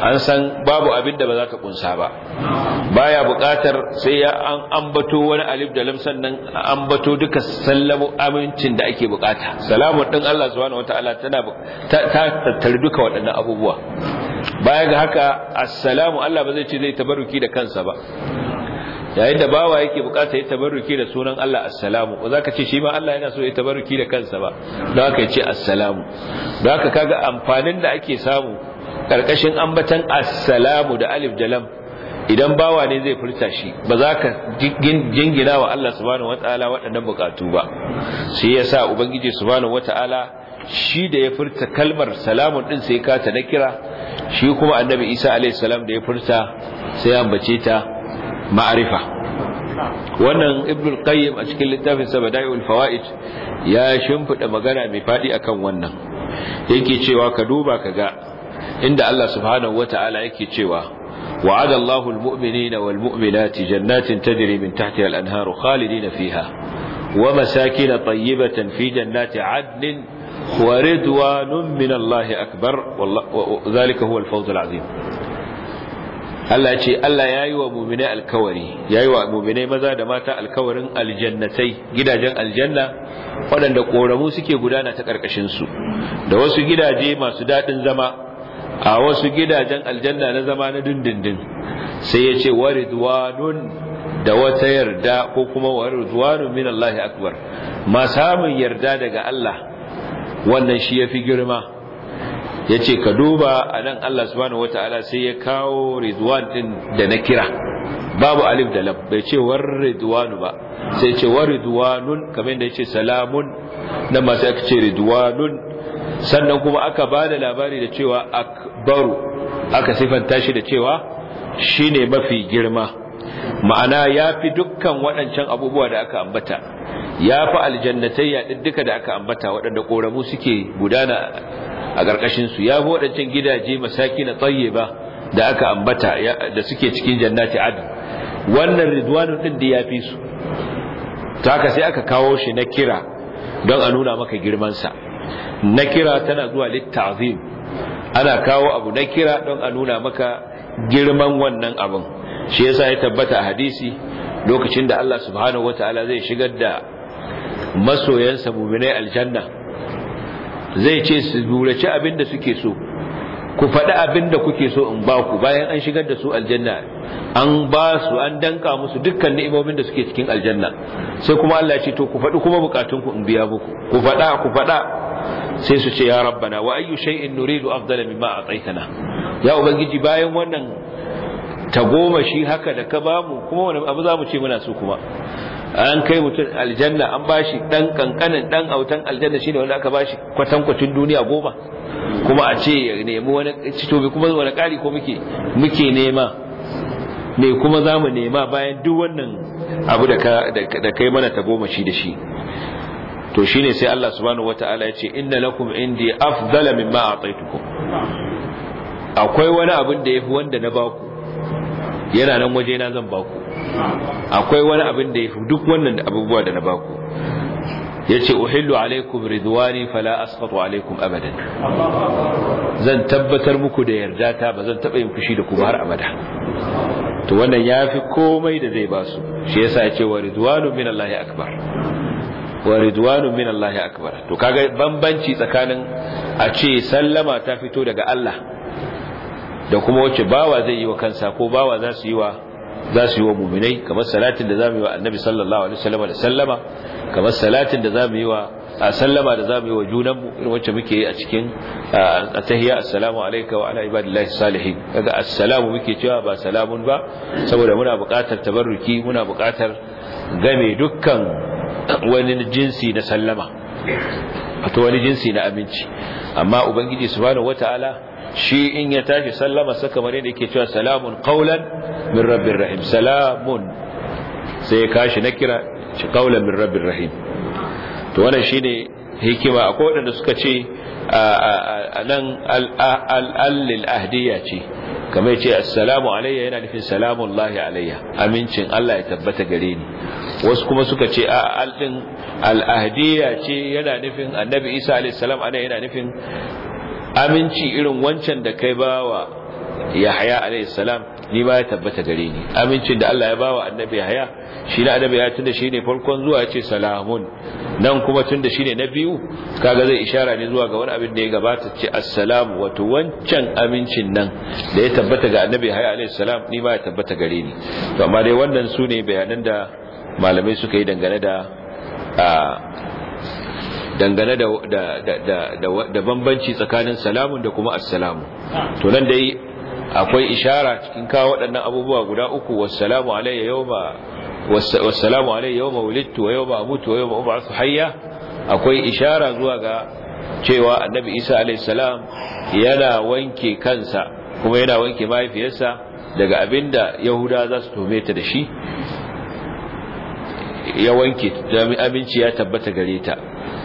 an san babu abin da ba za ka kunsa ba baya buƙatar sai ya an ambato wani alif da lam sannan ambato duka sallamu amincin da ake buƙata salamu din Allah subhanahu wataala tana ta tattari duka waɗannan abubuwa baya ga haka assalamu Allah ba zai ce zai tabarruki da kansa ba yayin da bawa yake bukata ya tabarruki da sunan Allah assalamu ba za ka ce shi ma Allah yana so ya tabarruki da kansa ba don haka ya ce assalamu don haka kaga amfanin da ake samu Karkashin ambatan assalamu da alif da lam idan bawa ne zai furta shi ba za ka jingina wa Allah subhanahu wataala waɗannan bukatu ba sai ya sa ubangiji subhanahu wataala shi da ya furta kalmar salamun ɗin sai ka ta nakira shi kuma annabi Isa alaihi salam da ya furta sai ya ambace ta ma'arifa wannan ibnul qayyim a cikin littafin sa badaiul fawaid ya shimfida magana mai fadi akan wannan yake cewa ka duba ka ga inda Allah subhanahu wataala yake cewa wa'ada Allahu almu'minina walmu'minati jannatin tajri min tahtiha al-anharu khalidina fiha wa masakin tayyibatan fi jannati 'adnin wa ridwanun min Allah akbar huwa al-fawz al-'azim Allah ce Allah yayi wa mu'minai alkawari yayi wa mu'minai maza da mata alkawarin aljannatai gidajen aljanna waɗanda koramu suke gudana ta karkashin su da wasu gidaje masu dadin zama a wasu gidajen aljanna na zama na dindindin sai ya ce wari duwanun da wata yarda ko kuma wari duwanun min Allah akbar ma samun yarda daga Allah wannan shi ya fi girma Ya ce ka duba a nan Allah subhanahu wataala sai ya kawo ridwan din da na kira babu alif da lam bai ce war ba sai ce war kamar yadda ya ce salamun nan ma sai ce ridwanun sannan kuma aka ba da labari da cewa akbaru aka sifanta shi da cewa shine mafi girma ma'ana ya fi dukkan waɗancan abubuwa da aka ambata ya fi aljannatai ya duka da aka ambata waɗanda ƙoramu suke gudana a ƙarƙashinsu ya fi waɗancan gidaje masaki na tsaye ba da aka ambata da suke cikin jannati adin wannan ridwanu ɗin da ya fi su ta haka sai aka kawo shi na kira don a nuna maka girmansa nakira tana zuwa litta'zim ana kawo abu nakira don a nuna maka girman wannan abin shi yasa ya tabbata a hadisi lokacin da Allah subhanahu wataala zai shigar da masoyansa mu'minai aljanna zai ce su durace abin da suke so ku faɗi abin da kuke so in ba ku bayan an shigar da su aljanna an ba su an danka musu dukkan ni'imomin da suke cikin aljanna sai kuma Allah ya ce to ku faɗi kuma bukatun ku in biya muku ku faɗa ku faɗa sai su ce ya rabbana wa ayyu shay'in nuridu afdala mimma ataitana ya ubangiji bayan wannan ta shi haka da ka bamu kuma wani abu zamu ce muna so kuma an kai mutum aljanna an bashi dan kankanin dan autan aljanna shine wanda aka bashi kwatan kwatin duniya goma kuma a ce ya nemi wani citobi kuma wani kari ko muke muke nema me kuma zamu nema bayan duk wannan abu da ka da kai mana ta goma shi da shi to shine sai Allah subhanahu wataala ya ce inna lakum indi afdala mimma a'taitukum akwai wani abin da yafi wanda na baku yana nan waje na zan baku akwai wani abin da yafi duk wannan abubuwa da na baku yace uhillu alaikum ridwani fala asqatu alaikum abadan zan tabbatar muku da yardata ba zan taba yin fushi da ku har abada to wannan yafi komai da zai basu shi yasa yace wa ridwanu min akbar wa ridwanu min Allah akbar to kaga bambanci tsakanin a ce sallama ta fito daga Allah da kuma wacce bawa zai yi wa kansa ko bawa za su yi wa za su yi wa muminai kamar salatin da zamu yi wa annabi sallallahu alaihi wasallam da sallama kamar salatin da zamu yi wa a sallama da zamu yi wa mu irin wacce muke yi a cikin atahiyya assalamu alayka wa ala ibadillahi salihin kaga assalamu muke cewa ba salamun ba saboda muna buƙatar tabarruki muna buƙatar game dukkan wani jinsi na sallama wato wani jinsi na abinci amma ubangiji subhanahu wataala shi in ya tashi sallama sa kamar yadda yake cewa salamun qaulan min rabbir rahim salamun sai kashi na kira shi qaulan min rabbir rahim to wannan shine hikima akwai wanda suka ce a nan al-ahdiya ce kamar ce assalamu alayya yana nufin salamun lahi alayya amincin Allah ya tabbata gare ni wasu kuma suka ce a aldin al'ahdiya ce yana nufin annabi isa alayhi salam anan yana nufin aminci irin wancan da kai bawa yahya alayhi salam ni ma ya tabbata gare ni amincin da Allah ya bawa annabi haya shi na annabi ya tunda shine farkon zuwa yace salamun nan kuma tunda shine na biyu kaga zai ishara ne zuwa ga wani abin da ya gabata ce assalamu wato wancan amincin nan da ya tabbata ga annabi haya alaihi salam ni ma ya tabbata gare ni to amma dai wannan sune bayanan da malamai suka yi dangane da dangane da da da da bambanci tsakanin salamun da kuma assalamu to nan dai akwai ishara cikin kawo waɗannan abubuwa guda uku wassalamu alayya yawma wassalamu alayya yawma wulidtu wa yawma amutu wa yawma ub'athu hayya akwai ishara zuwa ga cewa annabi Isa alayhi salam yana wanke kansa kuma yana wanke mahaifiyarsa daga abinda yahuda za su tome ta da shi ya wanke aminci ya tabbata gare ta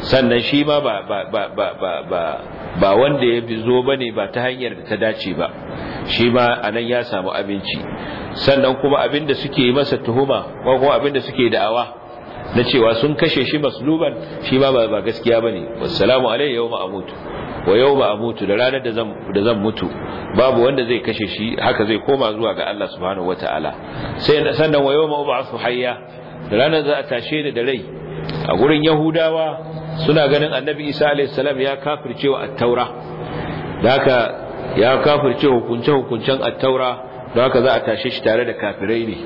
sannan shi ma ba ba ba ba ba ba wanda ya zo bane ba ta hanyar da ta dace ba shi ma anan ya samu aminci sannan kuma abinda suke masa tuhuma ko kuma da suke da'awa na cewa sun kashe shi masluban shi ma ba gaskiya bane wassalamu alayhi yawma amutu wa yawma amutu da ranar da zan mutu babu wanda zai kashe shi haka zai koma zuwa ga Allah subhanahu wataala sai sannan wa yawma ub'athu hayya da ranar za a tashe ni da rai a gurin yahudawa suna ganin annabi isa a.s. ya wa attaura da haka ya kafirce hukunce-hukuncen attaura da aka za a tashe shi tare da kafirai ne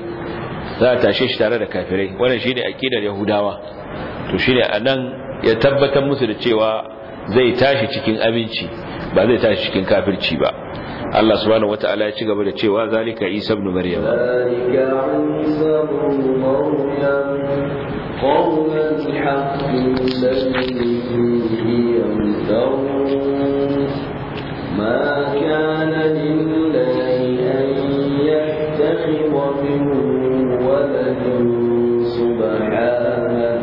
za a tashe shi tare da kafirai wannan shine akidar yahudawa to shi ne a nan ya tabbatar musu da cewa zai tashi cikin aminci ba zai tashi cikin kafirci ba Allah subhanahu wataala ya ci gaba da cewa zalika Isa ibn Maryam zalika Isa ibn Maryam قول الحق الذي يمتر ما كان لله أن يتخذ من ولد سبحانه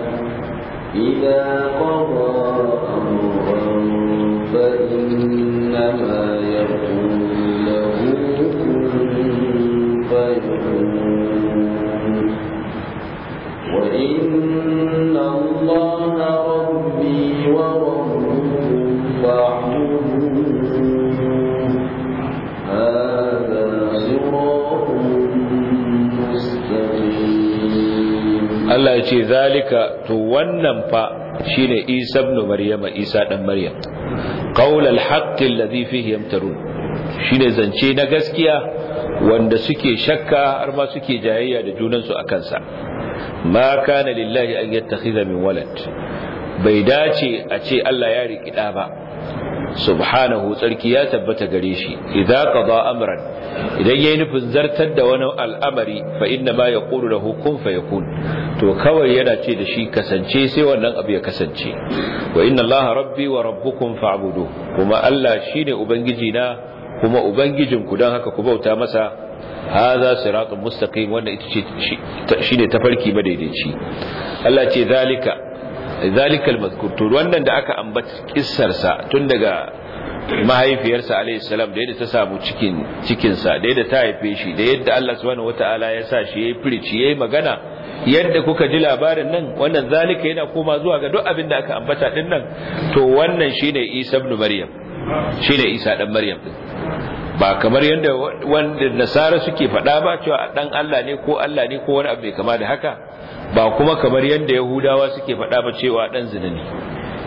إذا قضى أمرا فإنما Allah ce zalika to wannan fa shine Isa ibn Maryam Isa dan Maryam qaul al-haqq alladhi fihi yamtarun shine zance na gaskiya wanda suke shakka har ma suke jayayya da junansu a kansa ma kana lillahi an yattakhidha min walad bai dace a ce Allah ya riki da ba subhanahu tsarki ya tabbata gare shi idza qada amran idan yayi nufin zartar da wani al'amari fa inna ma yaqulu lahu kun fayakun to kawai yana ce da shi kasance sai wannan abu ya kasance wa inna allaha rabbi wa rabbukum fa'budu kuma Allah shine ubangiji na kuma ubangijin ku don haka ku bauta masa haza siratun mustaqim wanda ita ce shine tafarki madaidaici Allah ce zalika zalika almazkur to wannan da aka ambata kissar sa tun daga mahaifiyarsa alayhi salam da yadda ta samu cikin cikin sa da yadda ta haife shi da yadda Allah subhanahu wataala ya sa shi yayi firici yayi magana yadda kuka ji labarin nan wannan zalika yana koma zuwa ga duk abin da aka ambata din nan to wannan shine Isa ibn Maryam shine Isa dan Maryam din ba kamar yadda wanda nasara suke faɗa ba cewa ɗan Allah ne ko Allah ne ko wani abu kama da haka ba kuma kamar yadda yahudawa suke faɗa ba cewa dan zina ne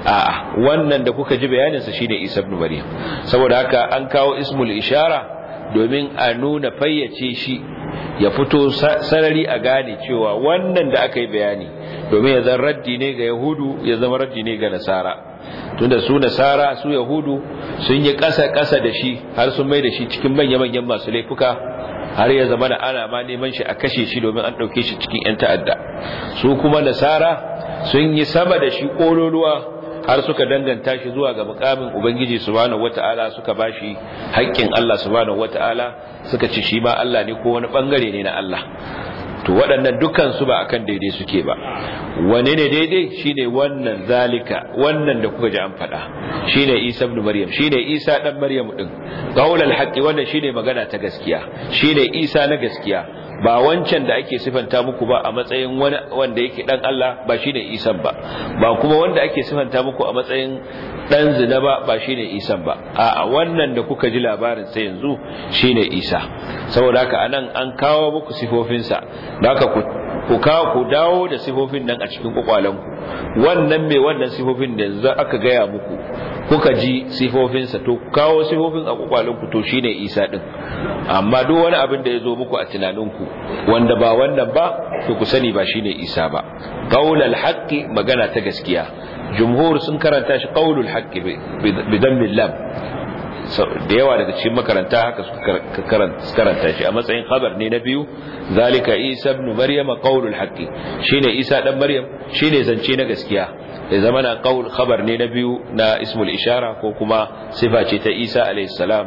a'a wannan da kuka ji bayanin sa shine Isa ibn Maryam saboda haka an kawo ismul ishara domin a nuna fayyace shi ya fito sarari a gane cewa wannan da aka yi bayani domin ya zan raddi ne ga yahudu ya zama raddi ne ga nasara tunda su nasara su yahudu sun yi ƙasa-ƙasa da shi har sun mai da shi cikin manya-manyan masu laifuka har ya zama da ana ma neman shi a kashe shi domin an ɗauke shi cikin 'yan ta'adda su kuma nasara sun yi sama da shi ƙololuwa har suka danganta shi zuwa ga mukamin ubangiji subhanahu wataala suka bashi haƙƙin Allah subhanahu wataala suka ci shi ma Allah ne ko wani bangare ne na Allah to waɗannan dukkan su ba akan daidai suke ba wane ne daidai shine wannan zalika wannan da kuka ji an faɗa shine Isa ibn Maryam shine Isa dan Maryam din qaulul haqqi wannan shine magana ta gaskiya shine Isa na gaskiya ba wancan da ake sifanta muku ba a matsayin wanda yake dan Allah ba shine isan ba ba kuma wanda ake sifanta muku a matsayin dan zina ba ba shine isan ba a wannan da kuka ji labarin sai yanzu shine isa saboda haka anan an kawo muku sifofinsa da haka ku ku ka ku dawo da sifofin nan a cikin kwakwalanku wannan mai wannan sifofin da yanzu aka gaya muku kuka ji sifofinsa to ku kawo sifofin a kwakwalanku to shine isa din amma duk wani abin da ya zo muku a tunaninku wanda ba wannan ba to ku sani ba shine isa ba qaulul haƙƙi magana ta gaskiya jumhur sun karanta shi qaulul haƙƙi bi lam da yawa daga cikin makaranta haka suka karanta shi a matsayin khabar ne na biyu zalika isa ibn maryam qaulul haqqi shine isa dan maryam shine zance na gaskiya da na qaul khabar ne na biyu na ismul ishara ko kuma sifa ce ta isa alayhi salam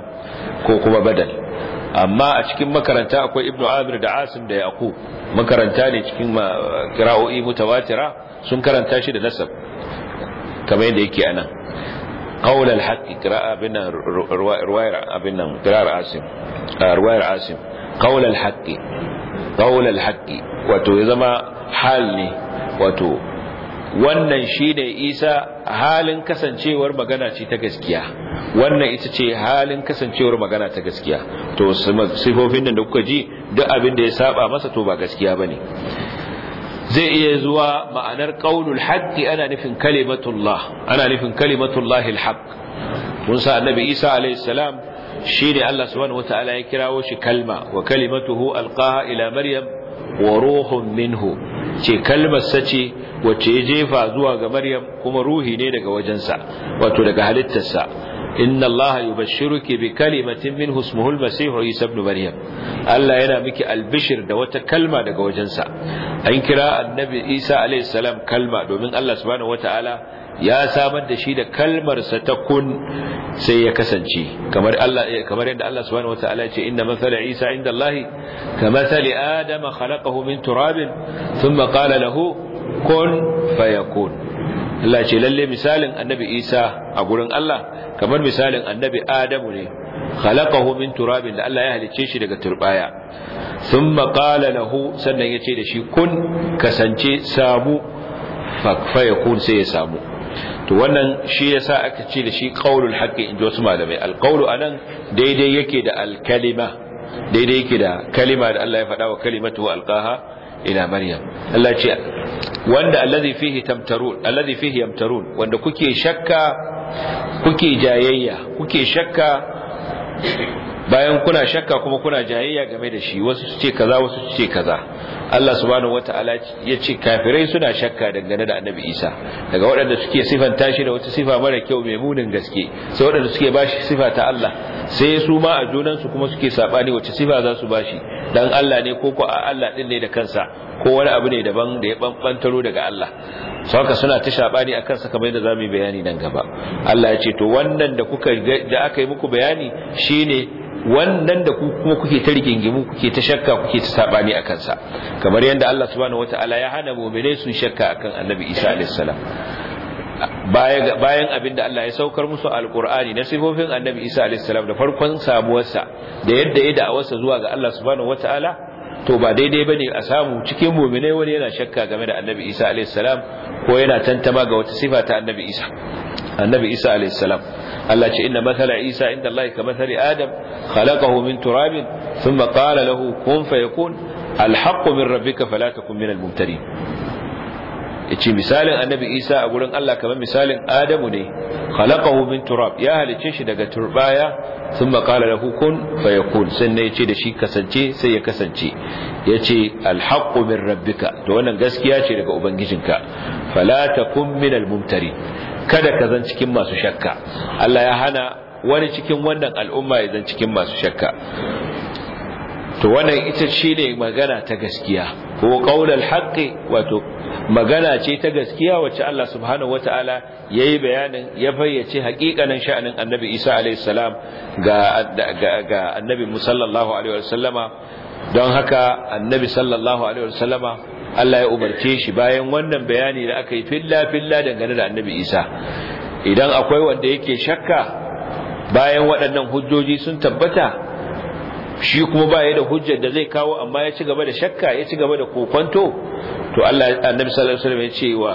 ko kuma badal amma a cikin makaranta akwai ibnu amir da asim da yaqub makaranta ne cikin kira'o'i mutawatira sun karanta shi da nasab kamar yadda yake anan قول الحق قراءة بنا رواية abin nan عاصم asim ruwayar قول الحق haqqi qaulal haqqi wato ya zama hal ne wato wannan isa halin kasancewar magana ce ta gaskiya wannan ita ce halin kasancewar magana ta gaskiya to sifofin da kuka ji duk abin da ya saba masa to ba gaskiya ba ne. zai iya zuwa ma'anar ƙaunul haqqi ana nufin kalimatullah ana nufin kalimatullahil haqq mun sa annabi Isa alayhi salam shine Allah subhanahu wataala ya kirawo shi kalma wa kalimatuhu alqaha ila maryam wa ruhun minhu ce kalmar sace wacce ya jefa zuwa ga maryam kuma ruhi ne daga wajensa wato daga halittarsa inna allaha yubashshiruki bi kalimatin minhu ismuhu al-masih isa ibn maryam Allah yana miki albishir da wata kalma daga wajensa an kira annabi Isa alayhi salam kalma domin Allah subhanahu wataala ya samar da shi da kalmarsa ta kun sai ya kasance kamar Allah eh, kamar yadda Allah subhanahu wataala ce inna mathala Isa inda Allah ka mathali Adam khalaqahu min turabin thumma qala lahu kun fayakun Allah ce lalle misalin annabi Isa a gurin Allah kamar misalin annabi Adamu ne khalaqahu min turabin da Allah ya halicce shi daga turbaya thumma qala lahu sannan yace da shi kun kasance samu fa yakun sai ya samu to wannan shi yasa aka ce da shi qaulul haqqi inda wasu malamai alqaulu anan daidai yake da alkalima daidai yake da kalima da Allah ya faɗa wa kalimatu alqaha ila maryam Allah ce wanda allazi fihi tamtarun allazi fihi yamtarun wanda kuke shakka kuke jayayya kuke shakka bayan kuna shakka kuma kuna jayayya game da shi wasu su ce kaza wasu su ce kaza Allah subhanahu wataala ya ce kafirai suna shakka dangane da annabi Isa daga waɗanda suke sifanta shi da wata sifa mara kyau mai munin gaske sai waɗanda suke bashi sifa ta Allah sai su ma a junan su kuma suke sabani wace sifa za su bashi dan Allah ne ko ko a Allah din ne da kansa ko wani abu ne daban da ya bambantaro daga Allah saboda suna ta shabani akan sa kamar yadda zamu yi bayani nan gaba Allah ya ce to wannan da kuka da aka yi muku bayani shine wannan da ku kuma kuke ta rigingimu kuke ta shakka kuke ta sabani a kansa. kamar yadda Allah subhanahu wataala ya hana mu'minai sun shakka akan annabi Isa alaihi salam bayan abinda Allah ya saukar musu alkur'ani na sifofin annabi Isa salam da farkon sabuwarsa da yadda ya da'awarsa zuwa ga Allah subhanahu wataala to ba daidai bane a samu cikin mu'minai wani yana shakka game da annabi Isa salam. ko yana tantama ga wata sifa ta annabi Isa annabi Isa salam. Allah ce inna mathala Isa inda Allah ka mathali Adam khalaqahu min turabin thumma qala lahu kun fayakun alhaqqu min rabbika fala takun minal mumtarin yace misalin annabi Isa a gurin Allah kamar misalin Adamu ne khalaqahu min turab ya halice shi daga turbaya thumma qala lahu kun fayakun sannan yace da shi kasance sai ya kasance yace alhaqqu min rabbika to wannan gaskiya ce daga ubangijinka fala takun minal mumtarin kada ka zan cikin masu shakka Allah ya hana wani cikin wannan al'umma ya zan cikin masu shakka to wannan ita ce ne magana ta gaskiya ko qaulul haqqi wato magana ce ta gaskiya wacce Allah subhanahu wataala yayi bayanin ya bayyace haƙiƙanin sha'anin Annabi Isa alayhi salam ga ga Annabi sallallahu alaihi wasallama don haka Annabi sallallahu alaihi wasallama Allah ya umarce shi bayan wannan bayani da aka yi filla filla dangane da Annabi Isa idan akwai wanda yake shakka bayan waɗannan hujjoji sun tabbata shi kuma ba ya da hujjar da zai kawo amma ya ci gaba da shakka ya ci gaba da kokonto to Allah annabi sallallahu alaihi wasallam ya ce wa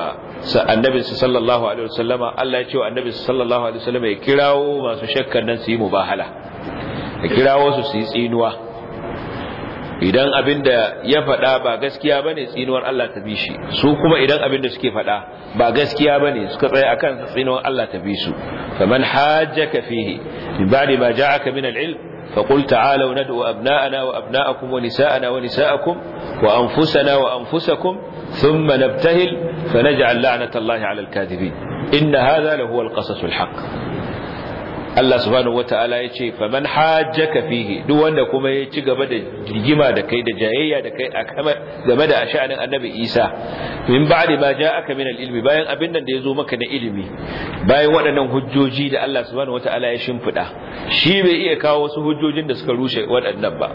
annabi sallallahu alaihi wasallam Allah ya ce wa annabi sallallahu alaihi wasallam ya kirawo masu shakkan nan su yi mubahala ya kirawo su su yi tsinuwa idan abin da ya faɗa ba gaskiya bane tsinuwar Allah ta bi shi su kuma idan abin da suke faɗa ba gaskiya bane suka tsaya akan tsinuwar Allah ta bi su faman hajjaka fihi bi ba'di ma ja'aka min al-ilm فقل تعالوا ندعو أبناءنا وأبناءكم ونساءنا ونساءكم وأنفسنا وأنفسكم ثم نبتهل فنجعل لعنة الله على الكاذبين إن هذا لهو القصص الحق Allah subhanahu wataala ya ce faman hajjaka fihi duk wanda kuma ya ci gaba da rigima da kai da jayayya da kai game da sha'anin annabi Isa min ba'di ma ja'aka min al-ilmi bayan abin nan da yazo maka na ilimi bayan waɗannan hujjoji da Allah subhanahu wataala ya shimfida shi bai iya kawo wasu hujjojin da suka rushe waɗannan ba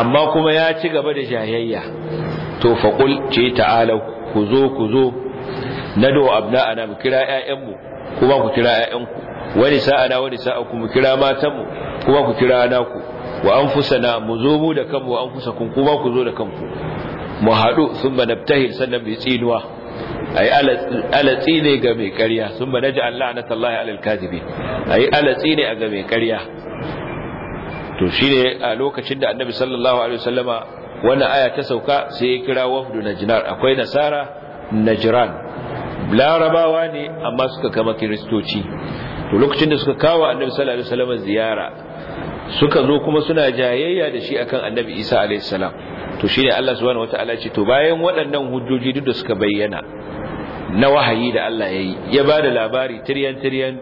amma kuma ya ci gaba da jayayya to faqul ce ta'ala ku zo ku zo nadu abna'ana mu kira ƴaƴanmu kuma ku kira ƴaƴanku wani sa'ana wani sa'a sa'akum kira matanmu kuma ku kira naku wa an anfusana mu zo mu da kanmu wa an anfusakum kuma ku zo da kanku mu haɗu sun ba nabtahil sannan mai tsinuwa a yi alatsi ne ga mai ƙarya sun ba na ji Allah na tallahi alalkazibi a yi alatsi ne a ga mai ƙarya to shi ne a lokacin da annabi sallallahu alaihi wasallama wannan aya ta sauka sai ya kira wafdu najinar akwai nasara najiran larabawa ne amma suka kama kiristoci to lokacin da suka kawo annabi sallallahu alaihi wasallam ziyara suka zo kuma suna jayayya da shi akan annabi isa alaihi salam to shine Allah subhanahu wataala ce to bayan waɗannan hujjoji duk da suka bayyana na wahayi da Allah ya yi, ya ba da labari tiryan tiryan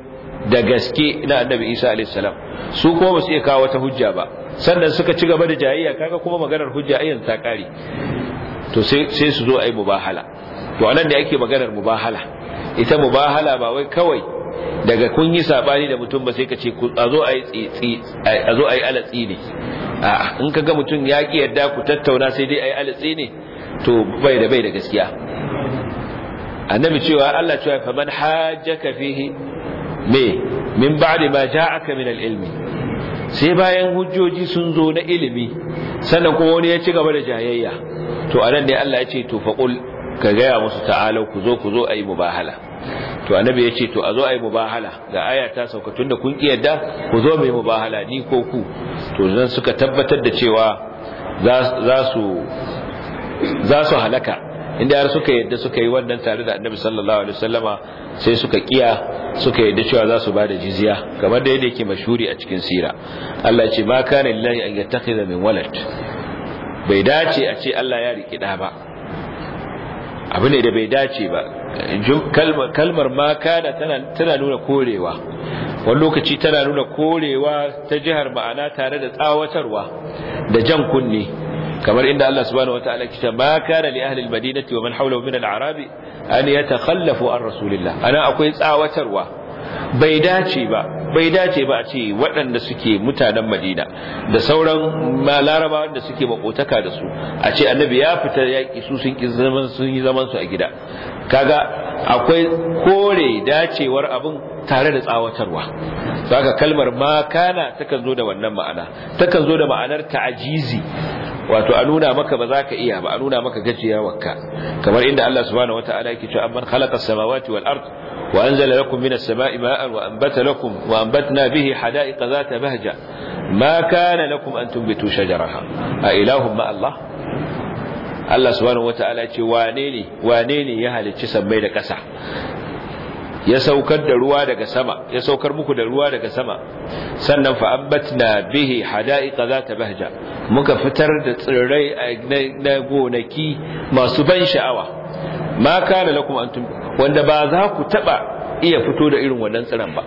da gaske na annabi isa alaihi salam su kuma ba su iya kawo wata hujja ba sannan suka ci gaba da jayayya kaga kuma maganar hujja ayyan ta kare to sai sai su zo ayi mubahala to anan da ake maganar mubahala ita mubahala ba wai kawai daga kun yi sabani da mutum ba sai ka ce a zo a yi alatsi ne a in ka ga mutum ya ƙi yadda ku tattauna sai dai a yi alatsi ne to bai da bai da gaskiya annabi cewa Allah cewa fa man hajjaka fihi me min ba'di ma ja'aka min al sai bayan hujjoji sun zo na ilimi sannan kuma wani ya ci gaba da jayayya to anan ne Allah ya ce to faqul ka gaya musu ta'alau ku zo ku zo a mubahala to annabi ya ce to a zo a yi mubahala ga aya ta sauka tunda kun ki yadda ku zo mai mubahala ni ko ku to zan suka tabbatar da cewa za su za su halaka inda har suka yadda suka yi wannan tare da annabi sallallahu alaihi wasallama sai suka kiya suka yadda cewa za su bada jizya kamar da yake mashhuri a cikin sira Allah ya ce ma kana lillahi an yattakhidha min walad bai dace a ce Allah ya riki da ba abu ne da bai dace ba kalmar ma kana tana nuna korewa wani lokaci tana nuna korewa ta jihar ma'ana tare da tsawatarwa da jan kunne kamar inda Allah subhanahu wataala ke cewa ma kana li ahli al-madinati wa man hawlahu min al-arabi an yatakhallafu an rasulillah ana akwai tsawatarwa bai dace ba bai dace ba a ce waɗanda suke mutanen madina da sauran larabawa da suke makotaka da su a ce annabi ya fita yaƙi su sun zaman sun yi zaman su a gida kaga akwai kore dacewar abin tare da tsawatarwa saka kalmar makana kana takan zo da wannan ma'ana takan zo da ma'anar ta'ajizi wato a nuna maka ba za ka iya ba a nuna maka gajiyawarka kamar inda Allah subhanahu wataala yake cewa amman khalaqa samawati wal ard wa anzala lakum minas samai ma'an wa anbata lakum wa anbatna bihi hada'iqa zata bahja ma kana lakum an tunbitu shajaraha a ilahum ma Allah Allah subhanahu wataala ce wane ne wane ne ya halicci sammai da ƙasa ya saukar da ruwa daga sama ya saukar muku da ruwa daga sama sannan fa abbatna bihi hada'iqa zata bahja muka fitar da tsirrai na gonaki masu ban sha'awa ma kana lakum antum wanda ba za ku taba iya fito da irin wannan tsiran ba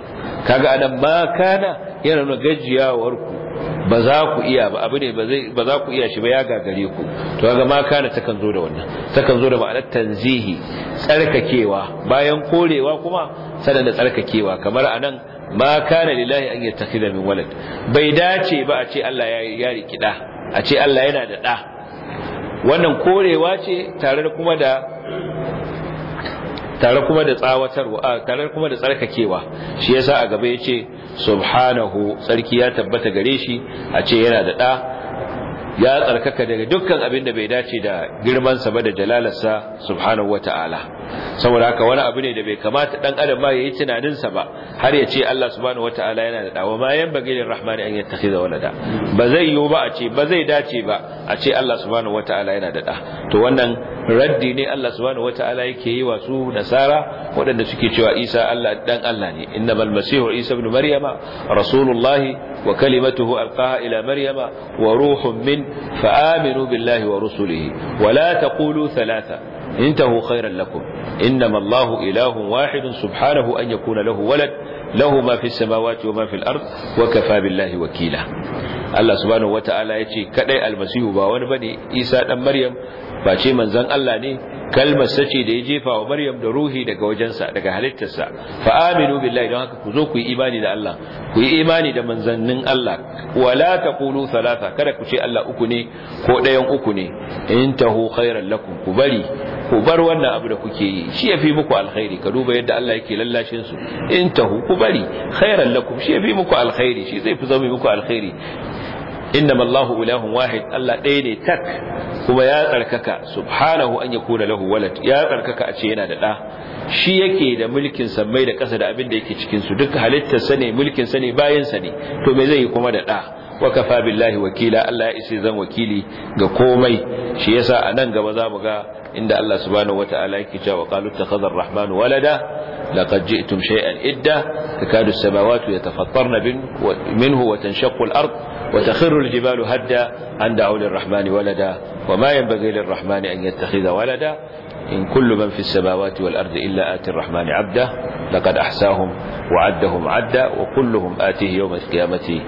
kaga anan ma kana yana gajiyawar ku ba za ku iya ba abu ne ba za ku iya shi ba ya gagare ku to ga ma kana takan zo da wannan takan zo da ma'anar tanzihi tsarkakewa bayan korewa kuma sanan da tsarkakewa kamar anan ma kana lillahi an yattakhidha min walad bai dace ba a ce Allah ya ya riki a ce Allah yana da da wannan korewa ce tare kuma da tare kuma da tsawatarwa tare kuma da tsarkakewa shi yasa a gaba yace subhanahu sarki ya tabbata gare shi a ce yana da da ya tsarkaka daga dukkan abin da bai dace da girmansa ba da jalalarsa subhanahu wata'ala saboda haka wani abu ne da bai kamata dan adam ma yayi tunaninsa ba har ya ce Allah subhanahu wata'ala yana da dawa ma yan bagilin rahman an yattakhidha walada ba zai yiwu ba a ce ba zai dace ba a ce Allah subhanahu wata'ala yana da da to wannan raddi ne Allah subhanahu wata'ala yake yi wa su nasara waɗanda suke cewa Isa Allah dan Allah ne innamal masihu Isa ibn maryama rasulullahi wa kalimatuhu alqaha ila maryama wa ruhun min رسول فآمنوا بالله ورسله ولا تقولوا ثلاثة انتهوا خيرا لكم إنما الله إله واحد سبحانه أن يكون له ولد له ما في السماوات وما في الأرض وكفى بالله وكيلا Allah subhanahu wataala ya ce kadai almasihu ba wani bane Isa dan Maryam face manzon Allah ne kalmar sace da ya jefa wa Maryam da ruhi daga wajensa daga halittarsa fa aminu billahi don haka ku zo ku yi imani da Allah ku yi imani da manzannin Allah wala taqulu thalatha kada ku ce Allah uku ne ko ɗayan uku ne intahu khairan lakum ku bari ku bar wannan abu da kuke yi shi yafi muku alkhairi ka duba yadda Allah yake lallashin su intahu ku bari khairan lakum shi yafi muku alkhairi shi zai fi zama muku alkhairi Inna mallahu ilahun wahid Allah ɗaya ne tak kuma ya tsarkaka subhanahu an yakuna lahu walad ya tsarkaka a ce yana da ɗa shi yake da mulkin sammai da ƙasa da abin da yake cikin su duk halittar sa ne mulkin sa ne bayin sa ne to me zai yi kuma da ɗa wa kafa billahi wakila Allah ya isa zan wakili ga komai shi yasa a nan gaba za mu ga عند الله سبحانه وتعالى كجا وقالوا اتخذ الرحمن ولدا لقد جئتم شيئا إدا تكاد السماوات يتفطرن منه وتنشق الأرض وتخر الجبال هدا عن دعو للرحمن ولدا وما ينبغي للرحمن أن يتخذ ولدا إن كل من في السماوات والأرض إلا آتي الرحمن عبدا لقد أحساهم وعدهم عدا وكلهم آتيه يوم القيامة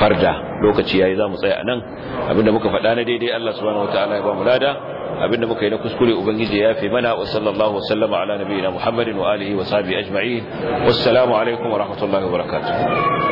فردا لوكتي يا إذا مصيع نن أبن مك فدانا دي دي الله سبحانه وتعالى يبا ملادا أبن مك ينكسكولي أبنجي يا في منا وصلى الله وسلم على نبينا محمد وآله وصحبه أجمعين والسلام عليكم ورحمة الله وبركاته